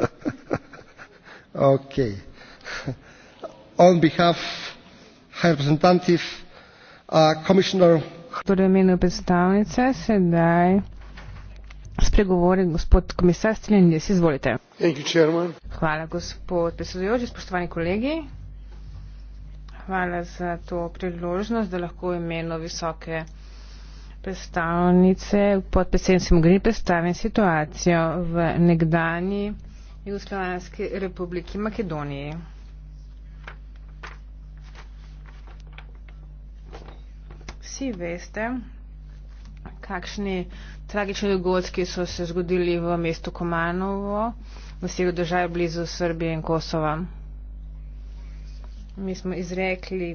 okay. On behalf High Representative, uh, Commissioner. Torej spregovori gospod komisar Stilendis, izvolite. Hvala gospod predsedujoči, spoštovani kolegi. Hvala za to priložnost, da lahko imeno visoke predstavnice pod predsednicim gre predstavim situacijo v nekdani Jugoslovanske republike Makedoniji. Vsi veste, kakšni tragični dogodki so se zgodili v mestu Komanovo, v sredo države blizu Srbije in Kosova. Mi smo izrekli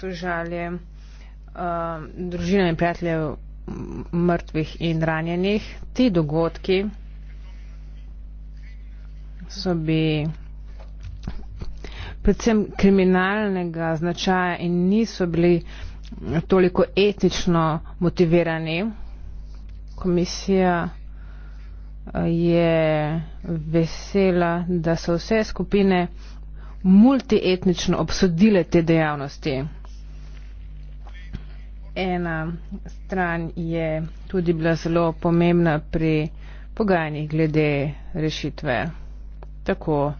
sožalje uh, družine in prijateljev mrtvih in ranjenih. Ti dogodki so bi predvsem kriminalnega značaja in niso bili toliko etnično motivirani. Komisija eh, je vesela, da so vse skupine multietnično obsodile te dejavnosti. Ena stran je tudi bila zelo pomembna pri pogajanjih glede rešitve tako,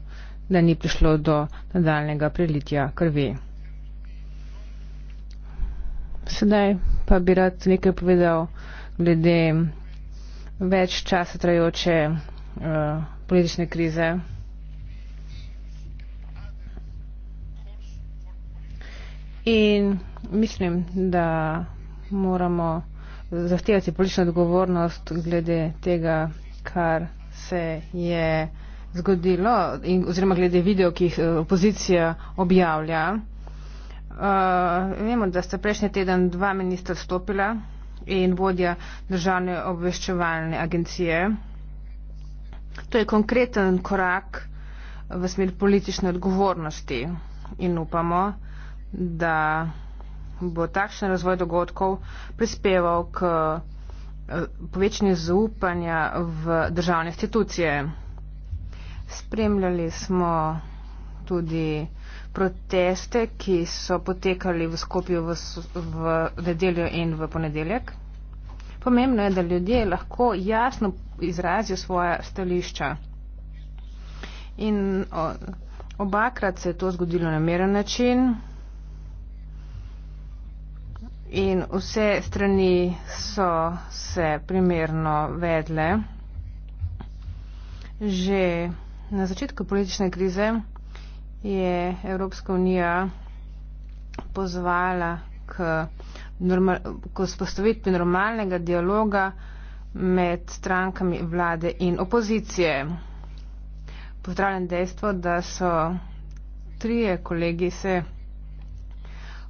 da ni prišlo do nadaljnega prelitja krvi. Sedaj pa bi rad nekaj povedal glede več časa trajoče uh, eh, politične krize. In mislim, da moramo zahtevati politično odgovornost glede tega, kar se je zgodilo, in, oziroma glede video, ki jih eh, opozicija objavlja. Uh, vemo, da sta prejšnji teden dva ministra stopila in vodja državne obveščevalne agencije. To je konkreten korak v smer politične odgovornosti in upamo, da bo takšen razvoj dogodkov prispeval k eh, povečanju zaupanja v državne institucije. Spremljali smo tudi proteste, ki so potekali v Skopju v, v nedeljo in v ponedeljek. Pomembno je, da ljudje lahko jasno izrazijo svoje stališča. In obakrat se je to zgodilo na meren način. In vse strani so se primerno vedle. Že Na začetku politične krize je Evropska unija pozvala k, normal, k spostavitvi normalnega dialoga med strankami vlade in opozicije. Pozdravljam dejstvo, da so trije kolegi se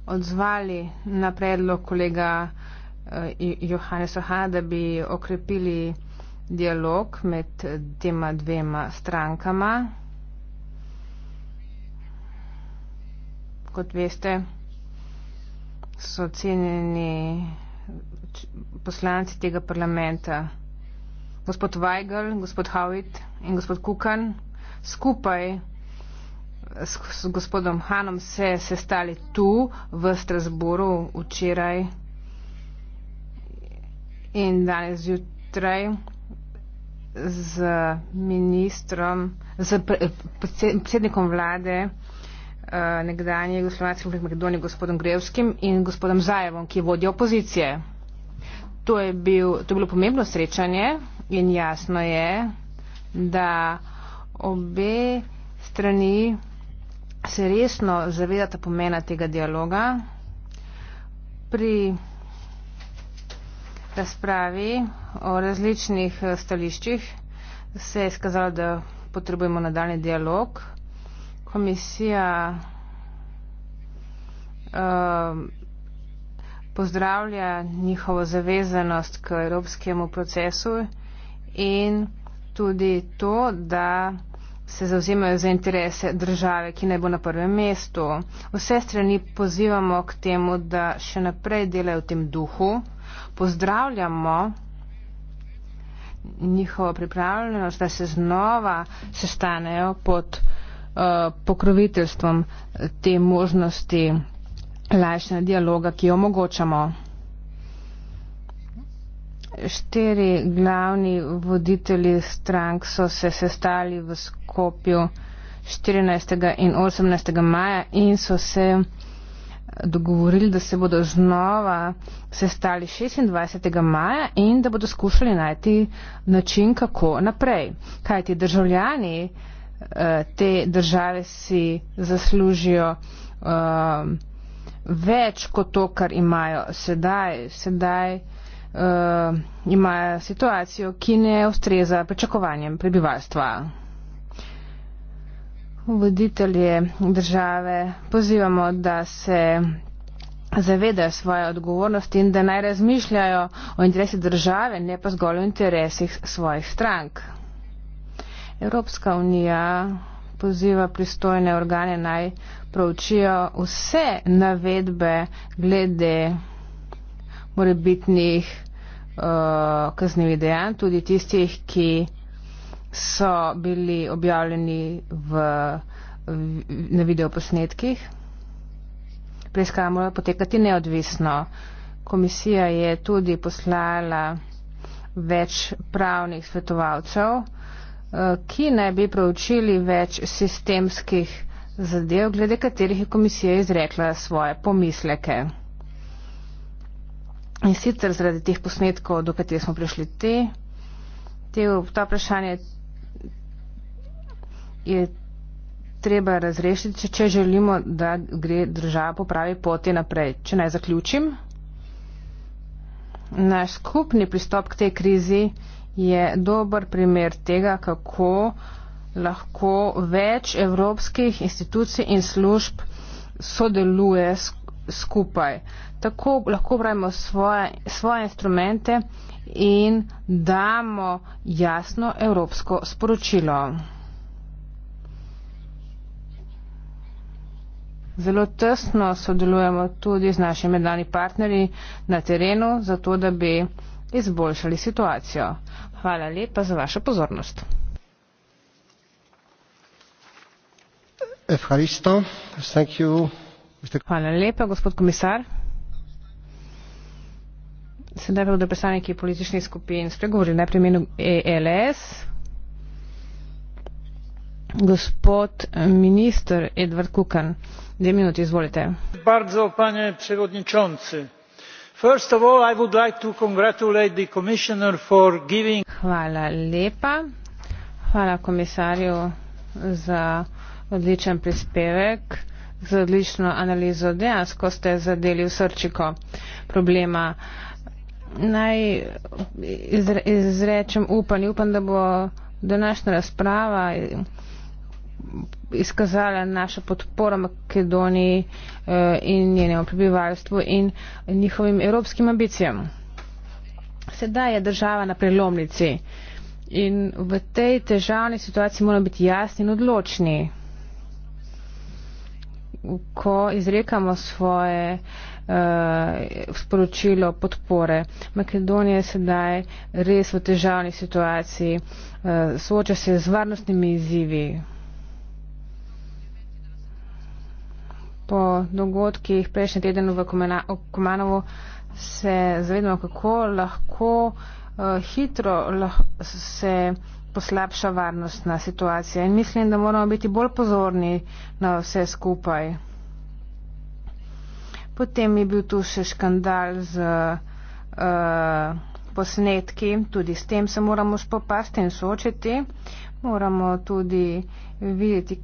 odzvali na predlog kolega eh, Johannesa Hada, da bi okrepili dialog med tema dvema strankama. Kot veste, so cenjeni poslanci tega parlamenta gospod Weigel, gospod Howitt in gospod Kukan skupaj s gospodom Hanom se sestali tu v Strasboru včeraj in danes zjutraj z ministrom, z eh, predsednikom vlade eh, nekdanje Jugoslovanske republike Makedonije gospodom Grevskim in gospodom Zajevom, ki vodi opozicije. To je, bil, to je bilo pomembno srečanje in jasno je, da obe strani se resno zavedata pomena tega dialoga. Pri razpravi o različnih eh, stališčih se je skazalo, da potrebujemo nadaljni dialog. Komisija ehm, pozdravlja njihovo zavezanost k evropskemu procesu in tudi to, da se zauzemajo za interese države, ki naj bo na prvem mestu. Vse strani pozivamo k temu, da še naprej delajo v tem duhu. Pozdravljamo njihova pripravljenost, da se znova sestanejo pod uh, pokroviteljstvom te možnosti lajšnega dialoga, ki jo omogočamo. Štiri glavni voditelji strank so se sestali v Skopju 14. in 18. maja in so se dogovorili, da se bodo znova sestali 26. maja in da bodo skušali najti način, kako naprej. Kaj ti državljani eh, te države si zaslužijo eh, več kot to, kar imajo sedaj. Sedaj eh, imajo situacijo, ki ne ustreza pričakovanjem prebivalstva voditelje države pozivamo, da se zavedajo svoje odgovornosti in da naj razmišljajo o interesi države, ne pa zgolj o interesih svojih strank. Evropska unija poziva pristojne organe naj proučijo vse navedbe glede morebitnih uh, kaznevih dejanj, tudi tistih, ki so bili objavljeni v, na videoposnetkih. Preiskava mora potekati neodvisno. Komisija je tudi poslala več pravnih svetovalcev, eh, ki naj bi proučili več sistemskih zadev, glede katerih je komisija izrekla svoje pomisleke. In sicer zaradi teh posnetkov, do katerih smo prišli te, te, ta vprašanje je treba razrešiti, če, če želimo, da gre država po pravi poti naprej. Če naj zaključim, naš skupni pristop k tej krizi je dober primer tega, kako lahko več evropskih institucij in služb sodeluje skupaj. Tako lahko pravimo svoje, svoje instrumente in damo jasno evropsko sporočilo. Zelo tesno sodelujemo tudi z našimi mednani partnerji na terenu, zato da bi izboljšali situacijo. Hvala lepa za vašo pozornost. Hvala lepa, gospod komisar. Sedaj bodo predstavniki političnih skupin spregovorili najprej imenu ELS, gospod minister edward kukan dve minuti izvolite. panie przewodniczący! first of all i would like to congratulate the commissioner for giving. hvala lepa hvala komisarju za odličen prispevek za odlično analizo dejansko ste zadeli v srčiko problema. naj izrečem upanje upam da bo današnja razprava izkazala naša podpora Makedoniji eh, in njenemu prebivalstvu in njihovim evropskim ambicijam. Sedaj je država na prelomnici in v tej težavni situaciji moramo biti jasni in odločni. Ko izrekamo svoje uh, sporočilo podpore, Makedonija je sedaj res v težavni situaciji, uh, sooča se z varnostnimi izzivi. po dogodkih prejšnji teden v Komanovu se zavedamo, kako lahko eh, hitro se poslabša varnostna situacija. In mislim, da moramo biti bolj pozorni na vse skupaj. Potem je bil tu še škandal z uh, posnetki, tudi s tem se moramo spopasti in soočiti. Moramo tudi uh, videti,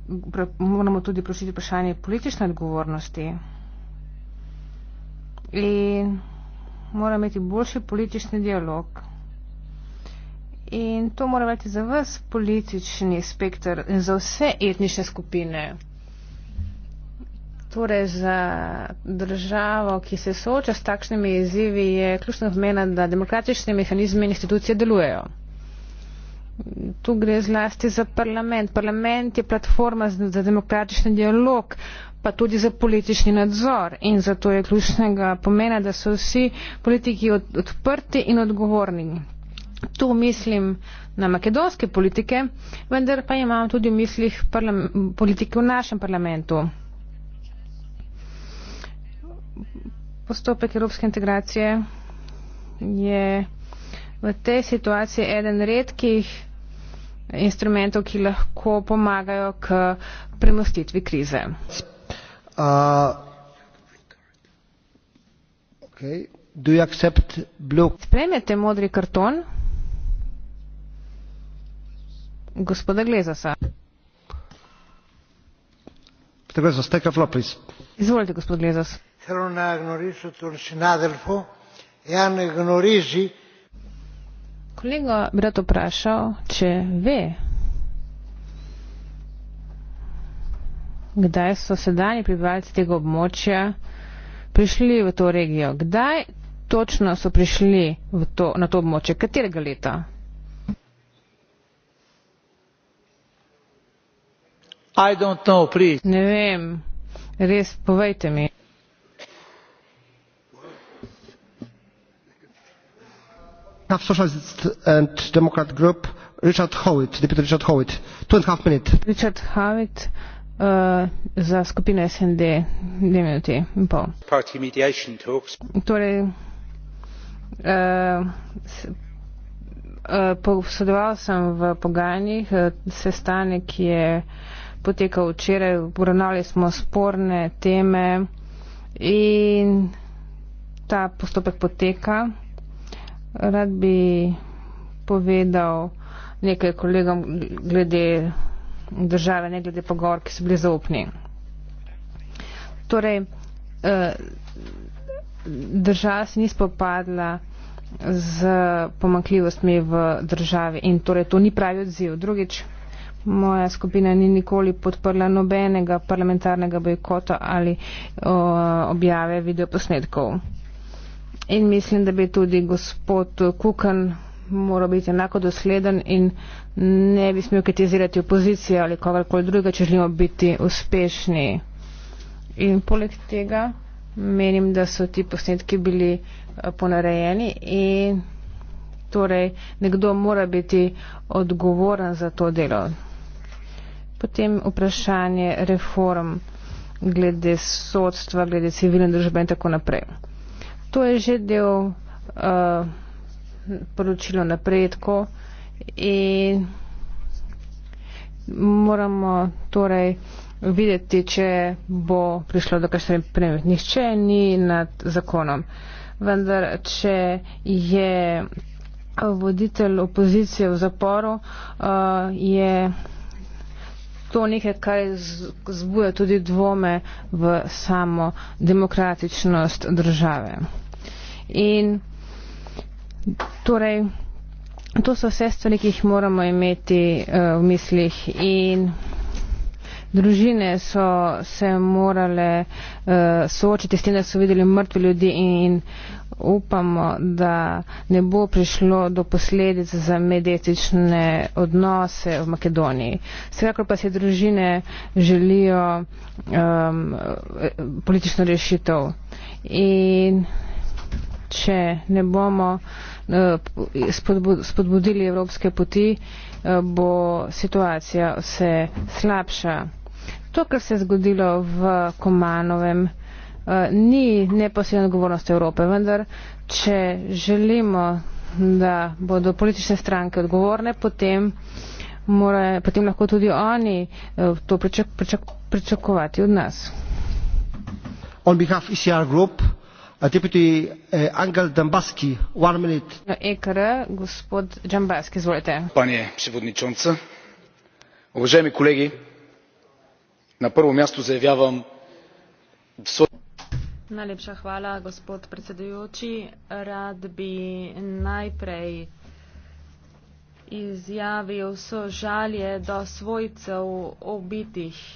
moramo tudi prošiti vprašanje politične odgovornosti. In moramo imeti boljši politični dialog. In to mora biti za vas politični spektr in za vse etnične skupine. Torej za državo, ki se sooča s takšnimi izzivi, je ključno vmena, da demokratični mehanizmi in institucije delujejo. Tu gre zlasti za parlament. Parlament je platforma za demokratični dialog, pa tudi za politični nadzor. In zato je ključnega pomena, da so vsi politiki odprti in odgovorni. Tu mislim na makedonske politike, vendar pa imam tudi v mislih politike v našem parlamentu. Postopek evropske integracije je v tej situaciji eden redkih instrumentov, ki lahko pomagajo k premostitvi krize. Uh, okay. Do you accept blue? Spremljate modri karton? Gospoda Glezasa. Gospod Glezas, take a floor, please. Izvolite, gospod Glezas. Hrona ignorišu Turšinadelfo, ja ne ignoriži, Kolega bi rad vprašal, če ve, kdaj so sedanji prebivalci tega območja prišli v to regijo. Kdaj točno so prišli to, na to območje? Katerega leta? Ne vem, res povejte mi. half socialist and democrat group richard howitt deputy richard howitt two and a half minutes richard howitt uh, za skupino SND dve minuti in pol. Torej, uh, uh, posodoval sem v pogajanjih uh, sestanek, ki je potekal včeraj, uravnali smo sporne teme in ta postopek poteka. Rad bi povedal nekaj kolegom glede države, ne glede pogovor, ki so bili zaupni. Torej, eh, država se ni spopadla z pomankljivostmi v državi in torej to ni pravi odziv. Drugič, moja skupina ni nikoli podprla nobenega parlamentarnega bojkota ali eh, objave videoposnetkov. In mislim, da bi tudi gospod Kukan moral biti enako dosleden in ne bi smel kritizirati opozicije ali kogarkoli drugega, če želimo biti uspešni. In poleg tega menim, da so ti posnetki bili eh, ponarejeni in torej nekdo mora biti odgovoren za to delo. Potem vprašanje reform glede sodstva, glede civilne družbe in tako naprej to je že del uh, eh, poročila napredko in moramo torej videti, če bo prišlo do kakšne premije. Nihče ni nad zakonom. Vendar, če je voditelj opozicije v zaporu, uh, je to nekaj, kar zbuja tudi dvome v samo demokratičnost države. In torej, to so vse stvari, ki jih moramo imeti uh, v mislih. In družine so se morale uh, soočiti s tem, da so videli mrtve ljudi in upamo, da ne bo prišlo do posledic za medetične odnose v Makedoniji. Vsekakor pa se družine želijo um, politično rešitev. In če ne bomo eh, spodbudili evropske poti, eh, bo situacija vse slabša. To, kar se je zgodilo v Komanovem, eh, ni neposredna odgovornost Evrope, vendar, če želimo, da bodo politične stranke odgovorne, potem, mora, potem lahko tudi oni to pričakovati od nas. On behalf ECR Group, gospanje predsedujoča uvaženi kolegi na prvo mesto zajavljam svoj. najlepša hvala gospod predsedujoči rad bi najprej izjavil sožalje do svojcev ubitih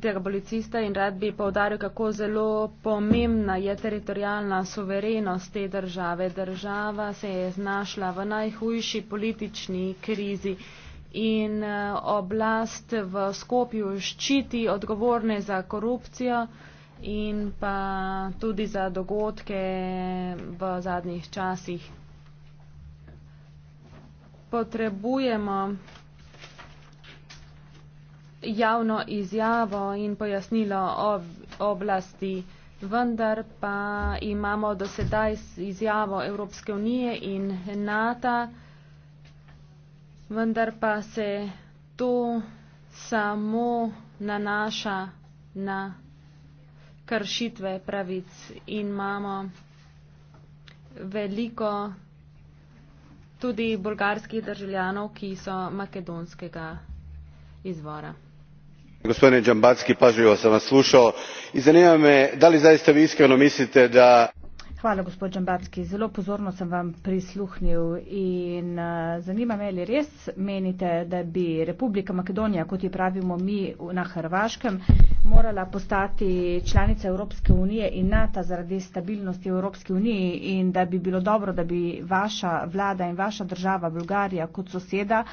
tega policista in rad bi povdaril, kako zelo pomembna je teritorijalna soverenost te države. Država se je znašla v najhujši politični krizi in eh, oblast v Skopju ščiti odgovorne za korupcijo in pa tudi za dogodke v zadnjih časih. Potrebujemo javno izjavo in pojasnilo o oblasti, vendar pa imamo dosedaj izjavo Evropske unije in NATO, vendar pa se to samo nanaša na kršitve pravic in imamo veliko tudi bolgarskih državljanov, ki so makedonskega izvora gospodine dzhambazki pažljivo sam vas slušao i zanima me da li zaista vi iskreno mislite da hvala gospod dzhambazki zelo pozorno sam vam prisluhnil in eh, zanima me ali res menite da bi republika makedonija kot ji pravimo mi na hrvaškem morala postati članica evropske unije in nata zaradi stabilnosti v evropski uniji in da bi bilo dobro da bi vaša vlada in vaša država bolgarija kot soseda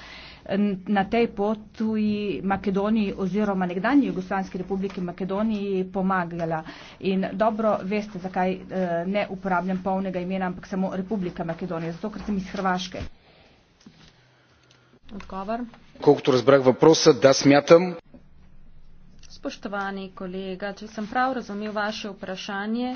na tej potuji Makedoniji oziroma nekdanji Jugoslavijski republiki Makedoniji pomagala. In dobro veste, zakaj eh, ne uporabljam polnega imena, ampak samo Republika Makedonija, zato ker sem iz Hrvaške. Odgovor. Kolikor razbrah vprosa, da smatram. Spoštovani kolega, če sem prav razumel vaše vprašanje,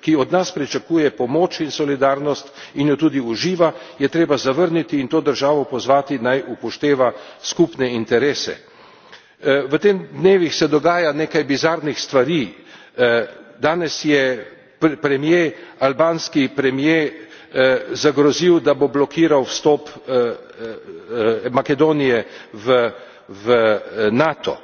ki od nas pričakuje pomoč in solidarnost in jo tudi uživa je treba zavrniti in to državo pozvati naj upošteva skupne interese. E, v teh dnevih se dogaja nekaj bizarnih stvari e, danes je premier albanski premier e, zagrozil da bo blokiral vstop makedonije v nato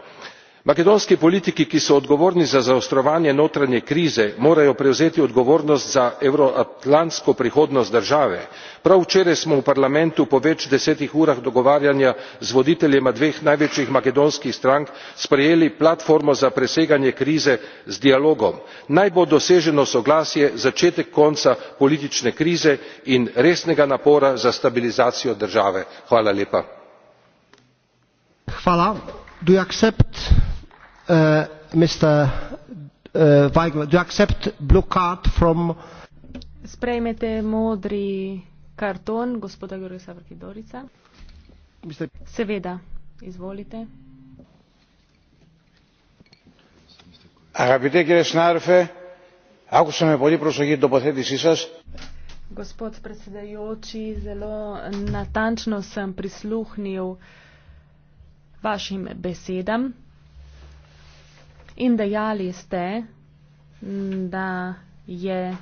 makedonski politiki ki so odgovorni za zaostrovanje notranje krize morajo prevzeti odgovornost za euroatlantsko prihodnost države. prav včeraj smo v parlamentu po več desetih urah dogovarjanja z voditeljema dveh največjih makedonskih strank sprejeli platformo za preseganje krize z dialogom. naj bo doseženo soglasje začetek konca politične krize in resnega napora za stabilizacijo države. Uh, mr uh, weigler do you accept blue card from sprejmete modri karton gospoda Gorisa Vrkidorica? Seveda, izvolite. Αγαπητέ κύριε συνάδελφε, άκουσα με πολύ προσοχή την τοποθέτησή σας. Gospod predsedajoči, zelo natančno sem prisluhnil vašim besedam. In dejali ste, da je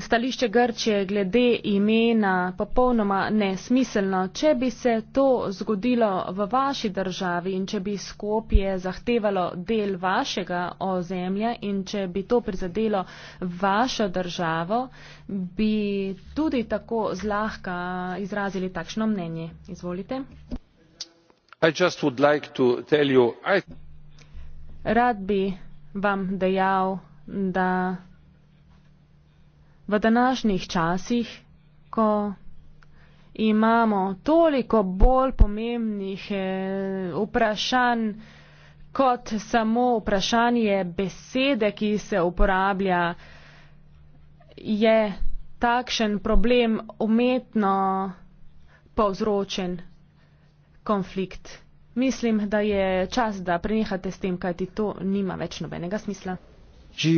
stališče Grčije glede imena popolnoma nesmiselno. Če bi se to zgodilo v vaši državi in če bi Skopje zahtevalo del vašega ozemlja in če bi to prizadelo vašo državo, bi tudi tako zlahka izrazili takšno mnenje. Izvolite rad bi vam dejal da v današnjih časih ko imamo toliko bolj pomembnih eh, vprašanj kot samo vprašanje besede, ki se uporablja, je takšen problem umetno povzročen konflikt. Mislim, da je čas, da prenehate s tem, kajti to nima več nobenega smisla. E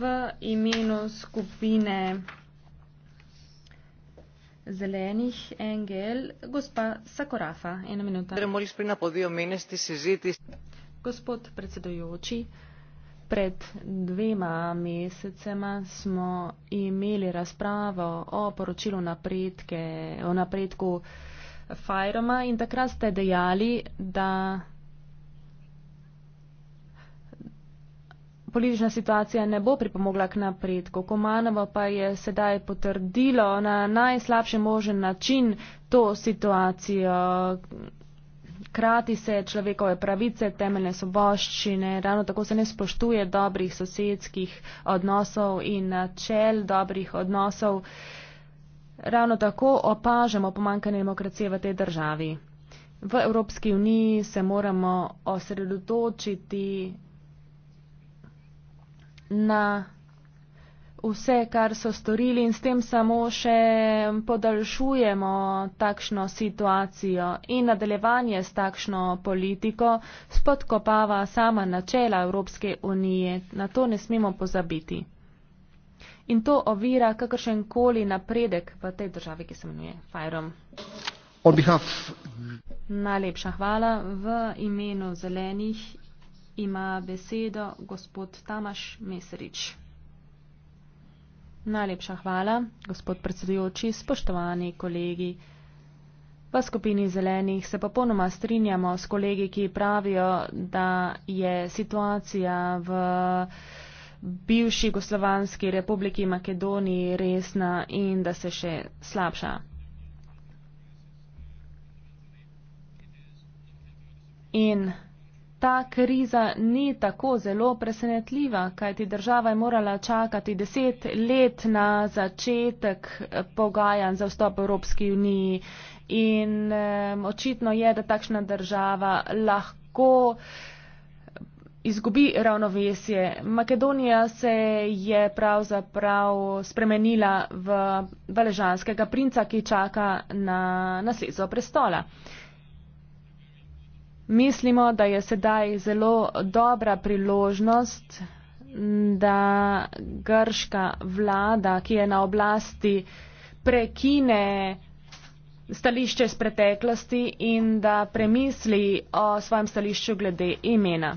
v imenu skupine zelenih NGL, gospa Sakorafa, ena minuta. Gospod predsedujoči, Pred dvema mesecema smo imeli razpravo o poročilu napredke, o napredku Fajroma in takrat ste dejali, da politična situacija ne bo pripomogla k napredku. Komanovo pa je sedaj potrdilo na najslabši možen način to situacijo krati se človekove pravice, temeljne soboščine, ravno tako se ne spoštuje dobrih sosedskih odnosov in načel dobrih odnosov. Ravno tako opažamo pomankanje demokracije v tej državi. V Evropski uniji se moramo osredotočiti na vse, kar so storili in s tem samo še podaljšujemo takšno situacijo. In nadaljevanje s takšno politiko spodkopava sama načela Evropske unije. Na to ne smemo pozabiti. In to ovira kakršen koli napredek v tej državi, ki se imenuje Fajrom. Najlepša hvala. V imenu zelenih ima besedo gospod Tamaš Meserič. Najlepša hvala, gospod predsedujoči, spoštovani kolegi. V skupini zelenih se popolnoma strinjamo s kolegi, ki pravijo, da je situacija v bivši Goslovanski republiki Makedoniji resna in da se še slabša. In ta kriza ni tako zelo presenetljiva, kajti država je morala čakati deset let na začetek eh, pogajan za vstop v Evropski uniji in um, očitno je, da takšna država lahko eh, izgubi ravnovesje. Makedonija se je pravzaprav spremenila v valežanskega princa, ki čaka na nasedzo prestola. Mislimo, da je sedaj zelo dobra priložnost, da grška vlada, ki je na oblasti, prekine stališče iz preteklosti in da premisli o svojem stališču glede imena.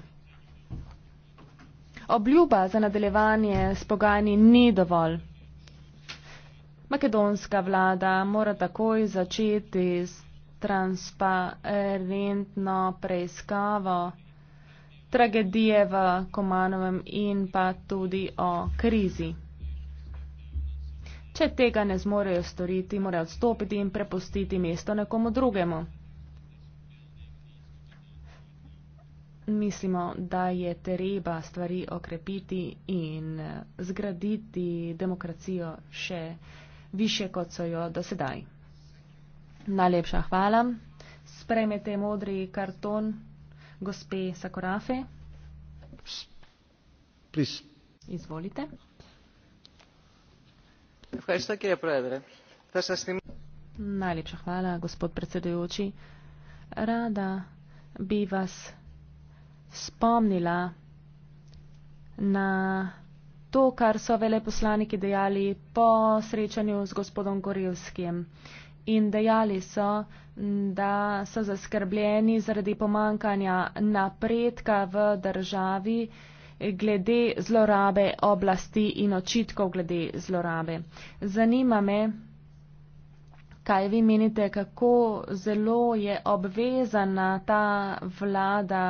Obljuba za nadaljevanje s pogajanji ni dovolj. Makedonska vlada mora takoj začeti s transparentno preiskavo tragedije v Komanovem in pa tudi o krizi. Če tega ne zmorejo storiti, morajo odstopiti in prepustiti mesto nekomu drugemu. Mislimo, da je treba stvari okrepiti in eh, zgraditi demokracijo še više, kot so jo dosedaj. Najlepša hvala. Sprejmete modri karton gospe Sakorafe. Pris. Izvolite. Najlepša hvala, gospod predsedujoči. Rada bi vas spomnila na to, kar so veleposlaniki dejali po srečanju z gospodom Gorilskim in dejali so, da so zaskrbljeni zaradi pomankanja napredka v državi glede zlorabe oblasti in očitkov glede zlorabe. Zanima me, kaj vi menite, kako zelo je obvezana ta vlada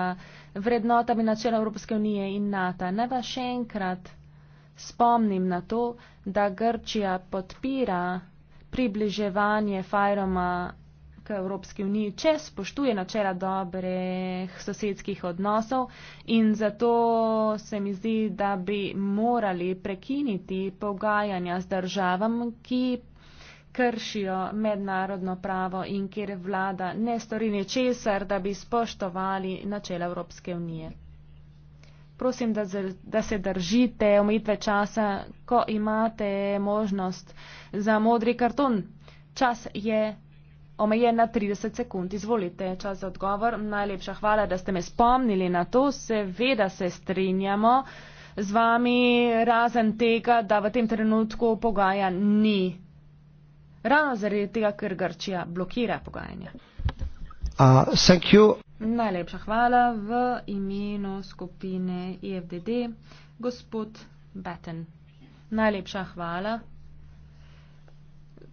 vrednotami načela Evropske unije in NATO. Naj vas še enkrat spomnim na to, da Grčija podpira približevanje Fajroma k Evropski uniji, če spoštuje načela dobrih sosedskih odnosov in zato se mi zdi, da bi morali prekiniti pogajanja z državam, ki kršijo mednarodno pravo in kjer vlada ne stori ničesar, da bi spoštovali načela Evropske unije prosim, da, da se držite omejitve časa, ko imate možnost za modri karton. Čas je omejen na 30 sekund. Izvolite, čas za odgovor. Najlepša hvala, da ste me spomnili na to. Seveda se strinjamo z vami, razen tega, da v tem trenutku pogaja ni. Ravno zaradi tega, ker Grčija blokira pogajanja. Uh, thank you. Najlepša hvala v imenu skupine IFDD, e gospod Batten. Najlepša hvala.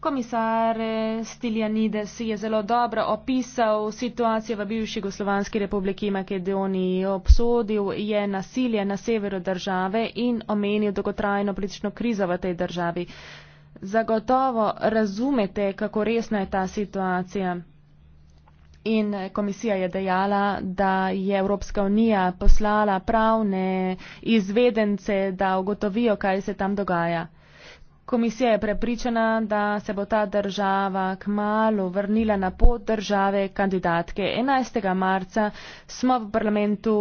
Komisar Stiljanides je zelo dobro opisal situacijo v bivši Jugoslovanski republiki Makedoniji, obsodil je nasilje na severu države in omenil dolgotrajno politično krizo v tej državi. Zagotovo razumete, kako resna je ta situacija in komisija je dejala, da je Evropska unija poslala pravne izvedence, da ugotovijo, kaj se tam dogaja. Komisija je prepričana, da se bo ta država k malu vrnila na pot države kandidatke. 11. marca smo v parlamentu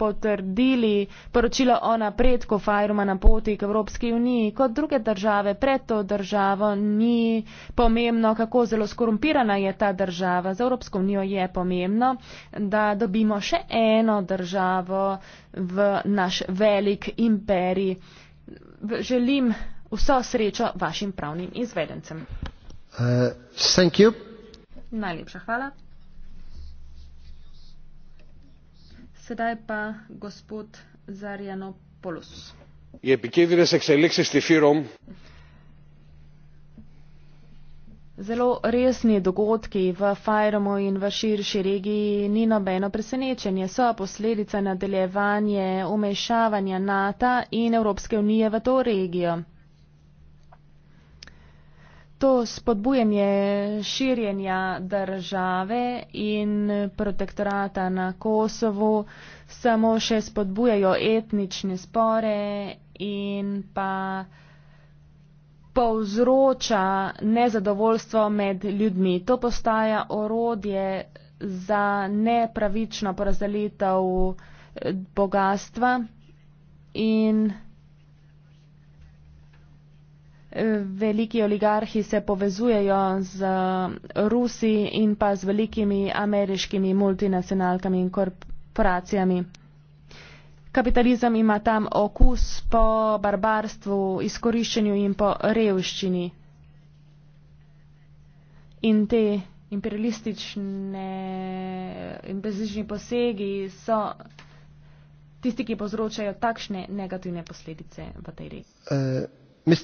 potrdili poročilo o napredku Fajruma na poti k Evropski uniji. Kot druge države, pred to državo ni pomembno, kako zelo skorumpirana je ta država. Za Evropsko unijo je pomembno, da dobimo še eno državo v naš velik imperij. Želim Vso srečo vašim pravnim izvedencem. Uh, Najlepša hvala. Sedaj pa gospod Zarjano Polus. Οι επικίνδυνε εξελίξει στη Φύρομ. Zelo resni dogodki v Fajromu in v širši regiji ni nobeno presenečenje, so posledica nadaljevanja umešavanja NATO in Evropske unije v to regijo to spodbujanje širjenja države in protektorata na Kosovu samo še spodbujajo etnične spore in pa povzroča nezadovoljstvo med ljudmi. To postaja orodje za nepravično porazdelitev bogatstva in veliki oligarhi se povezujejo z Rusi in pa z velikimi ameriškimi multinacionalkami in korporacijami. Kapitalizem ima tam okus po barbarstvu, izkoriščenju in po revščini. In te imperialistične in bezlični posegi so tisti, ki povzročajo takšne negativne posledice v tej regiji. Uh,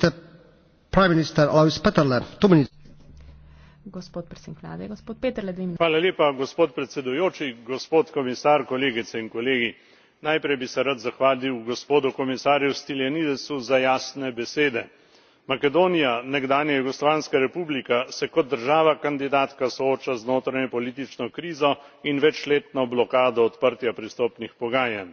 prime minister Lars Peterle. Gospod predsednik vlade, gospod Peterle, dve minuti. Hvala lepa, gospod predsedujoči, gospod komisar, kolegice in kolegi. Najprej bi se rad zahvalil gospodu komisarju Stylianidesu za jasne besede. Makedonija, nekdanja jugoslovanska republika, se kot država kandidatka sooča z notranjepolitično krizo in večletno blokado odprtja pristopnih pogajanj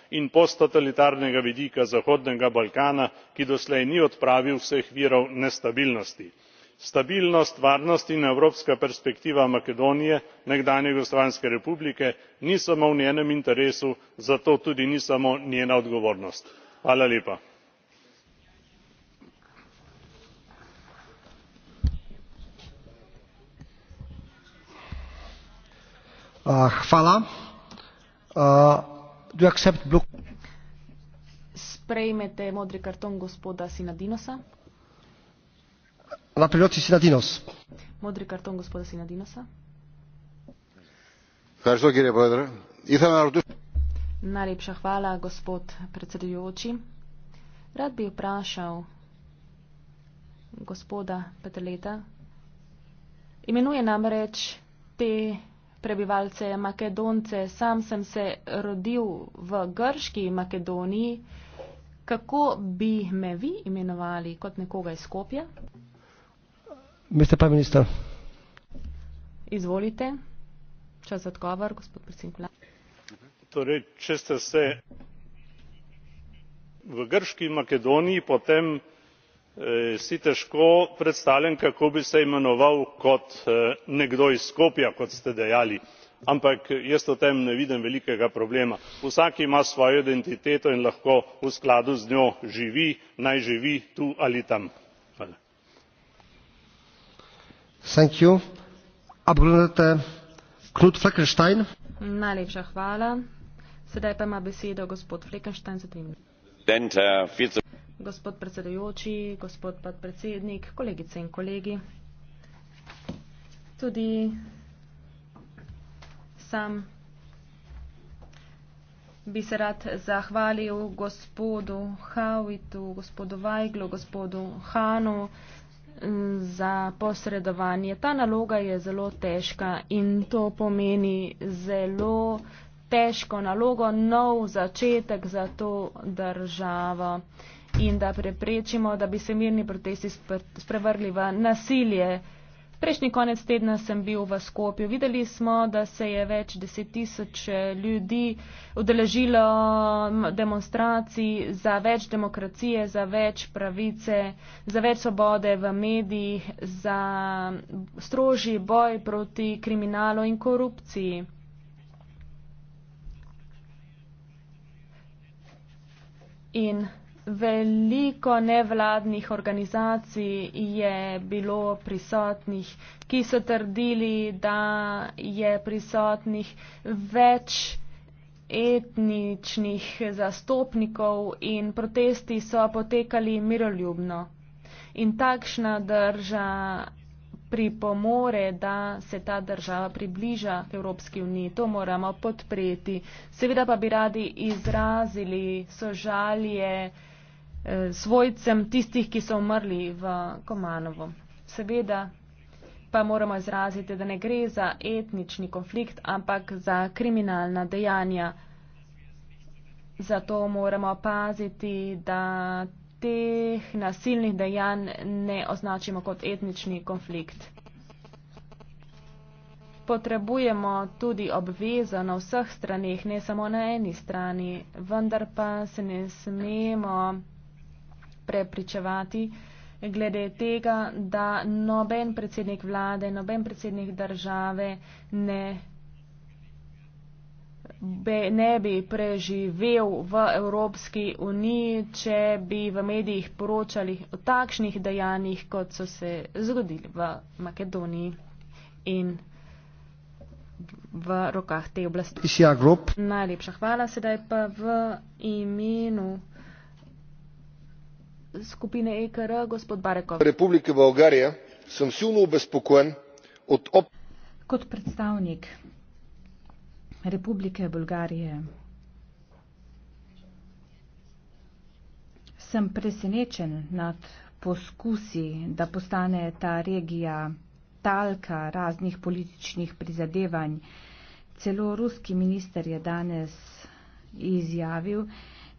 in posttotalitarnega vidika zahodnega balkana ki doslej ni odpravil vseh virov nestabilnosti. stabilnost varnost in evropska perspektiva makedonije nekdanje jugoslovanske republike ni samo v njenem interesu zato tudi ni samo njena odgovornost do you accept blue Sprejmete modri karton gospoda Sinadinosa? Vapriloci Sinadinos. Modri karton gospoda Sinadinosa. Hvala, kjere povedre. Najlepša hvala, gospod predsedujoči. Rad bi vprašal gospoda Petrleta. Imenuje namreč te prebivalce Makedonce. Sam sem se rodil v grški Makedoniji. Kako bi me vi imenovali kot nekoga iz Skopja? Mr. Prime Minister. Izvolite. Čas za odgovor, gospod predsednik. Torej, če ste se v grški Makedoniji potem Eh, si težko predstavljam kako bi se imenoval kot eh, nekdo iz skopja kot ste dejali ampak eh, jaz v tem ne vidim velikega problema vsak ima svojo identiteto in lahko v skladu z njo živi naj živi tu ali tam gospod predsedujoči, gospod podpredsednik, kolegice in kolegi. Tudi sam bi se rad zahvalil gospodu Havitu, gospodu Vajglu, gospodu Hanu za posredovanje. Ta naloga je zelo težka in to pomeni zelo težko nalogo, nov začetek za to državo. Uh, in da preprečimo, da bi se mirni protesti sprevrli v nasilje. Prejšnji konec tedna sem bil v Skopju. Videli smo, da se je več deset tisoč eh, ljudi udeležilo demonstracij za več demokracije, za več pravice, za več svobode v medijih, za strožji boj proti kriminalu in korupciji. In Veliko nevladnih organizacij je bilo prisotnih, ki so trdili, da je prisotnih več etničnih zastopnikov in protesti so potekali miroljubno. In takšna drža pripomore, da se ta država približa Evropski uniji. To moramo podpreti. Seveda pa bi radi izrazili sožalje, Eh, svojcem tistih, ki so umrli v Komanovo. Seveda pa moramo izraziti, da ne gre za etnični konflikt, ampak za kriminalna dejanja. Zato moramo paziti, da teh nasilnih dejanj ne označimo kot etnični konflikt. Potrebujemo tudi obvezo na vseh stranih, ne samo na eni strani, vendar pa se ne smemo prepričevati glede tega, da noben predsednik vlade, noben predsednik države ne, be, ne bi preživel v Evropski uniji, če bi v medijih poročali o takšnih dejanjih, kot so se zgodili v Makedoniji in v rokah te oblasti. Najlepša hvala sedaj pa v imenu skupine ekr gospod barekov. republike bolgarije sem silno obespokojen od ob. kot predstavnik republike bolgarije sem presenečen nad poskusi da postane ta regija talka raznih političnih prizadevanj celo ruski minister je danes izjavil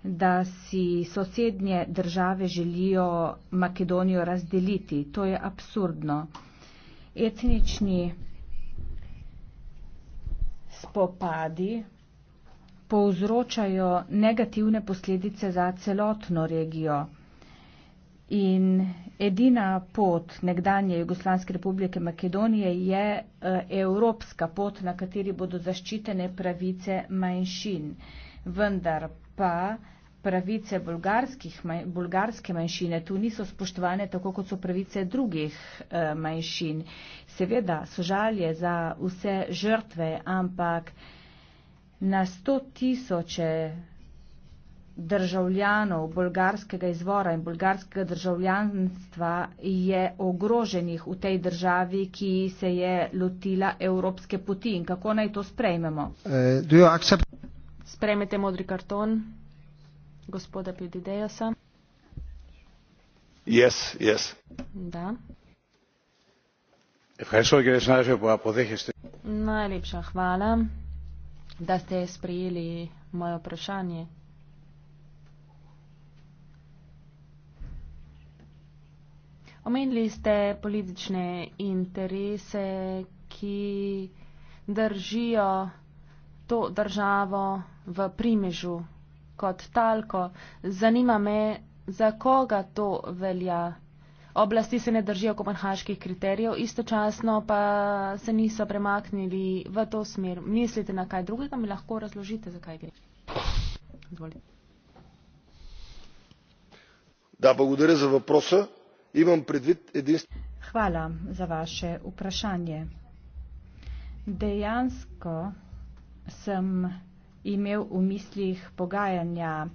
da si sosednje države želijo Makedonijo razdeliti. To je absurdno. Etnični spopadi povzročajo negativne posledice za celotno regijo. In edina pot nekdanje Jugoslanske republike Makedonije je eh, evropska pot, na kateri bodo zaščitene pravice manjšin. Vendar pa pravice bulgarske manjšine tu niso spoštovane tako, kot so pravice drugih eh, manjšin. Seveda so žalje za vse žrtve, ampak na sto tisoče državljanov bolgarskega izvora in bolgarskega državljanstva je ogroženih v tej državi, ki se je lotila evropske poti in kako naj to sprejmemo. Uh, Spremite modri karton gospoda Pididejosa. Yes, yes. Da. Najlepša hvala, da ste sprejeli moje vprašanje. Omenili ste politične interese, ki držijo to državo v primežu kot talko. Zanima me, za koga to velja. Oblasti se ne držijo kopenhaških kriterijev, istočasno pa se niso premaknili v to smer. Mislite na kaj drugega, mi lahko razložite, zakaj gre. Izvolite. Da, благодаря za vprosa. Imam predvid edinstven. Hvala za vaše vprašanje. Dejansko sem imel v mislih pogajanja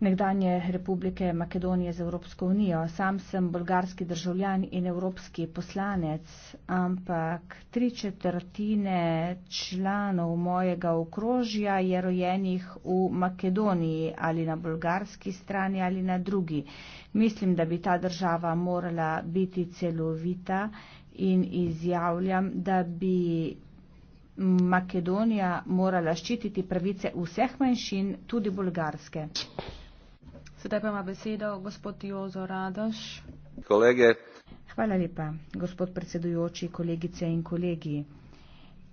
nekdanje Republike Makedonije z Evropsko unijo. Sam sem bolgarski državljan in evropski poslanec, ampak tri četrtine članov mojega okrožja je rojenih v Makedoniji ali na bolgarski strani ali na drugi. Mislim, da bi ta država morala biti celovita in izjavljam, da bi Makedonija morala ščititi pravice vseh manjšin, tudi bolgarske. Sedaj pa ima besedo gospod Jozo Radoš. Kolege. Hvala lepa, gospod predsedujoči, kolegice in kolegi.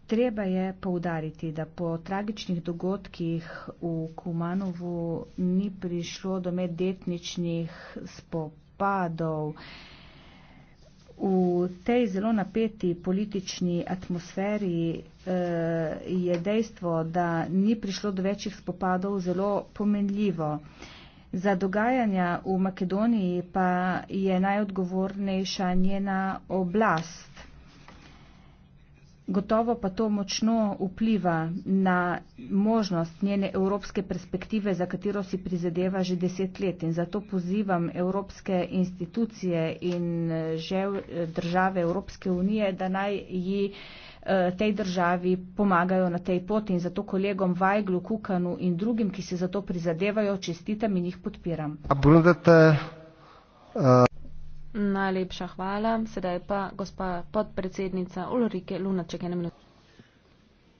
Treba je poudariti, da po tragičnih dogodkih v Kumanovu ni prišlo do medetničnih spopadov. V tej zelo napeti politični atmosferi eh, je dejstvo, da ni prišlo do večjih spopadov, zelo pomenljivo. Za dogajanja v Makedoniji pa je najodgovornejša njena oblast. Gotovo pa to močno vpliva na možnost njene evropske perspektive, za katero si prizadeva že deset let. In zato pozivam evropske institucije in eh, že eh, države Evropske unije, da naj ji eh, tej državi pomagajo na tej poti. In zato kolegom Vajglu, Kukanu in drugim, ki se za to prizadevajo, čestitam in jih podpiram. A bludete, uh... Najlepša hvala. Sedaj pa gospa podpredsednica Ulrike Lunaček, ena minuta.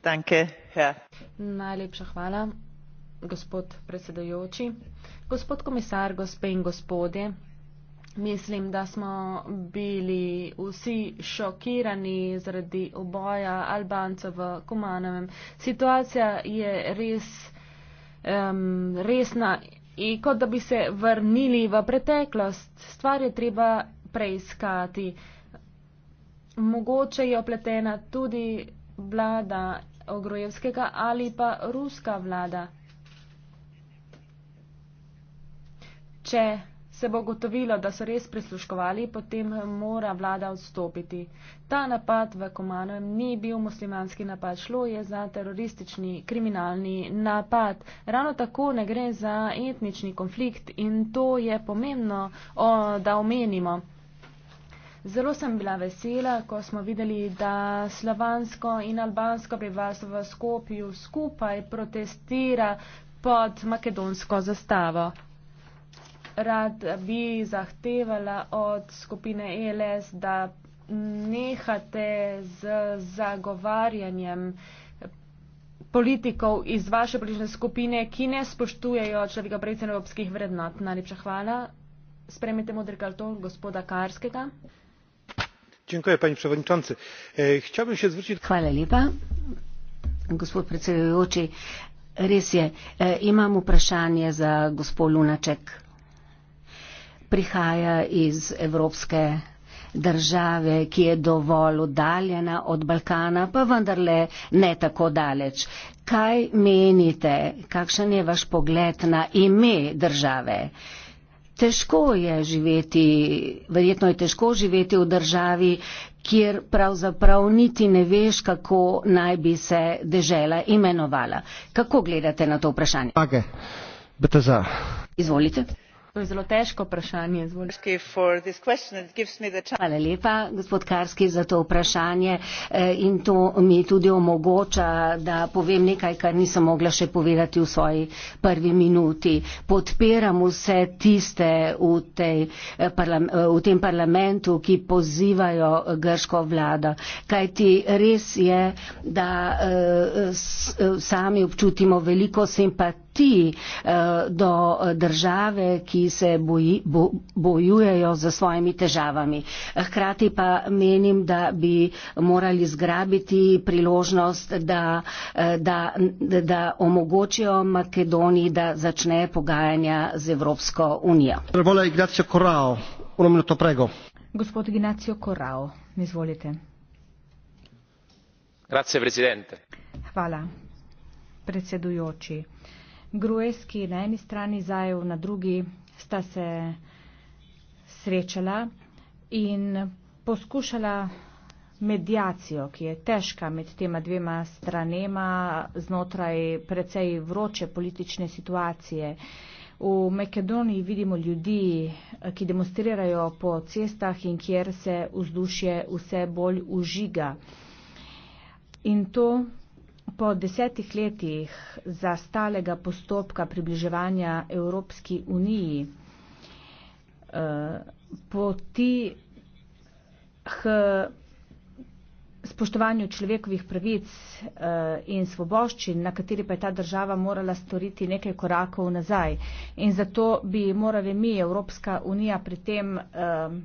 Danke, ja. Najlepša hvala, gospod predsedajoči. Gospod komisar, gospe in gospodje, mislim, da smo bili vsi šokirani zaradi oboja Albancev v Kumanovem. Situacija je res. Um, resna in kot da bi se vrnili v preteklost. Stvar je treba preiskati. Mogoče je opletena tudi vlada Ogrojevskega ali pa ruska vlada. Če se bo gotovilo, da so res prisluškovali, potem mora vlada odstopiti. Ta napad v Komanojem ni bil muslimanski napad, šlo je za teroristični kriminalni napad. Ravno tako ne gre za etnični konflikt in to je pomembno, o, da omenimo. Zelo sem bila vesela, ko smo videli, da slovansko in albansko prebivalstvo v Skopju skupaj protestira pod makedonsko zastavo rad bi zahtevala od skupine ELS, da nehate z zagovarjanjem politikov iz vaše politične skupine, ki ne spoštujejo človeka pravic in evropskih vrednot. Najlepša hvala. Spremite modri kalton gospoda Karskega. Dziękuję, panie przewodniczący. E, chciałbym się zwrócić. Hvala lepa, gospod predsedujoči. Res je, e, imam vprašanje za gospod Lunaček prihaja iz Evropske države, ki je dovolj oddaljena od Balkana, pa vendarle ne tako daleč. Kaj menite, kakšen je vaš pogled na ime države? Težko je živeti, verjetno je težko živeti v državi, kjer pravzaprav niti ne veš, kako naj bi se dežela imenovala. Kako gledate na to vprašanje? Pake, BTZ. Izvolite. To je zelo težko vprašanje. Hvala lepa, gospod Karski, za to vprašanje eh, in to mi tudi omogoča, da povem nekaj, kar nisem mogla še povedati v svoji prvi minuti. Podpiram vse tiste v, tej, eh, eh, v tem parlamentu, ki pozivajo grško vlado, kajti res je, da sami občutimo veliko simpatije poti eh, do eh, države, ki se boji, bo, bojujejo za svojimi težavami. Hkrati pa menim, da bi morali zgrabiti priložnost, da, eh, da, da omogočijo Makedoniji, da začne pogajanja z Evropsko unijo. Gospod Ignacio Corao, izvolite. Hvala, predsedujoči. Grueski na eni strani, Zajev na drugi, sta se srečala in poskušala medijacijo, ki je težka med tema dvema stranema znotraj precej vroče politične situacije. V Makedoniji vidimo ljudi, ki demonstrirajo po cestah in kjer se vzdušje vse bolj užiga. In to Po desetih letih zastalega postopka približevanja Evropski uniji eh, poti k spoštovanju človekovih pravic eh, in svoboščin, na kateri pa je ta država morala storiti nekaj korakov nazaj. In zato bi morali mi, Evropska unija, pri tem. Uh,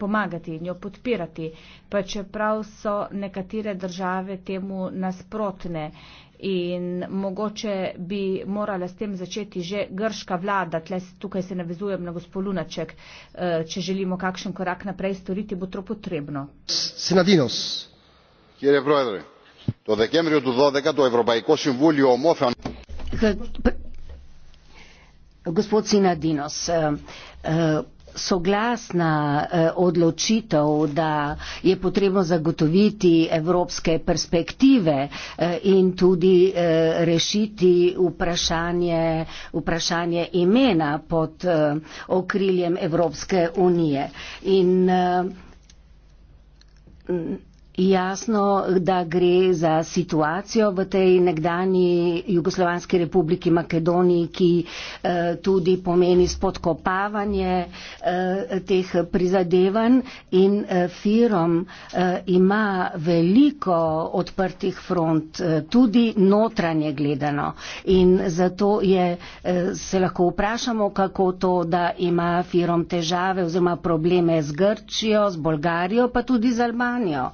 pomagati in jo podpirati, pa čeprav so nekatere države temu nasprotne in mogoče bi morala s tem začeti že grška vlada, tukaj se navezujem na gospod Lunaček, eh, če želimo kakšen korak naprej storiti, bo to potrebno. Sinadinos. Gospod Sinadinos, eh, eh, soglasna eh, odločitev, da je potrebno zagotoviti evropske perspektive eh, in tudi eh, rešiti vprašanje, vprašanje imena pod okriljem Evropske unije. In, Jasno, da gre za situacijo v tej nekdani Jugoslovanski republiki Makedoniji, ki eh, tudi pomeni spodkopavanje eh, teh prizadevanj in eh, firom eh, ima veliko odprtih front, eh, tudi notranje gledano. In zato je, eh, se lahko vprašamo, kako to, da ima firom težave oziroma probleme z Grčijo, z Bolgarijo, pa tudi z Albanijo.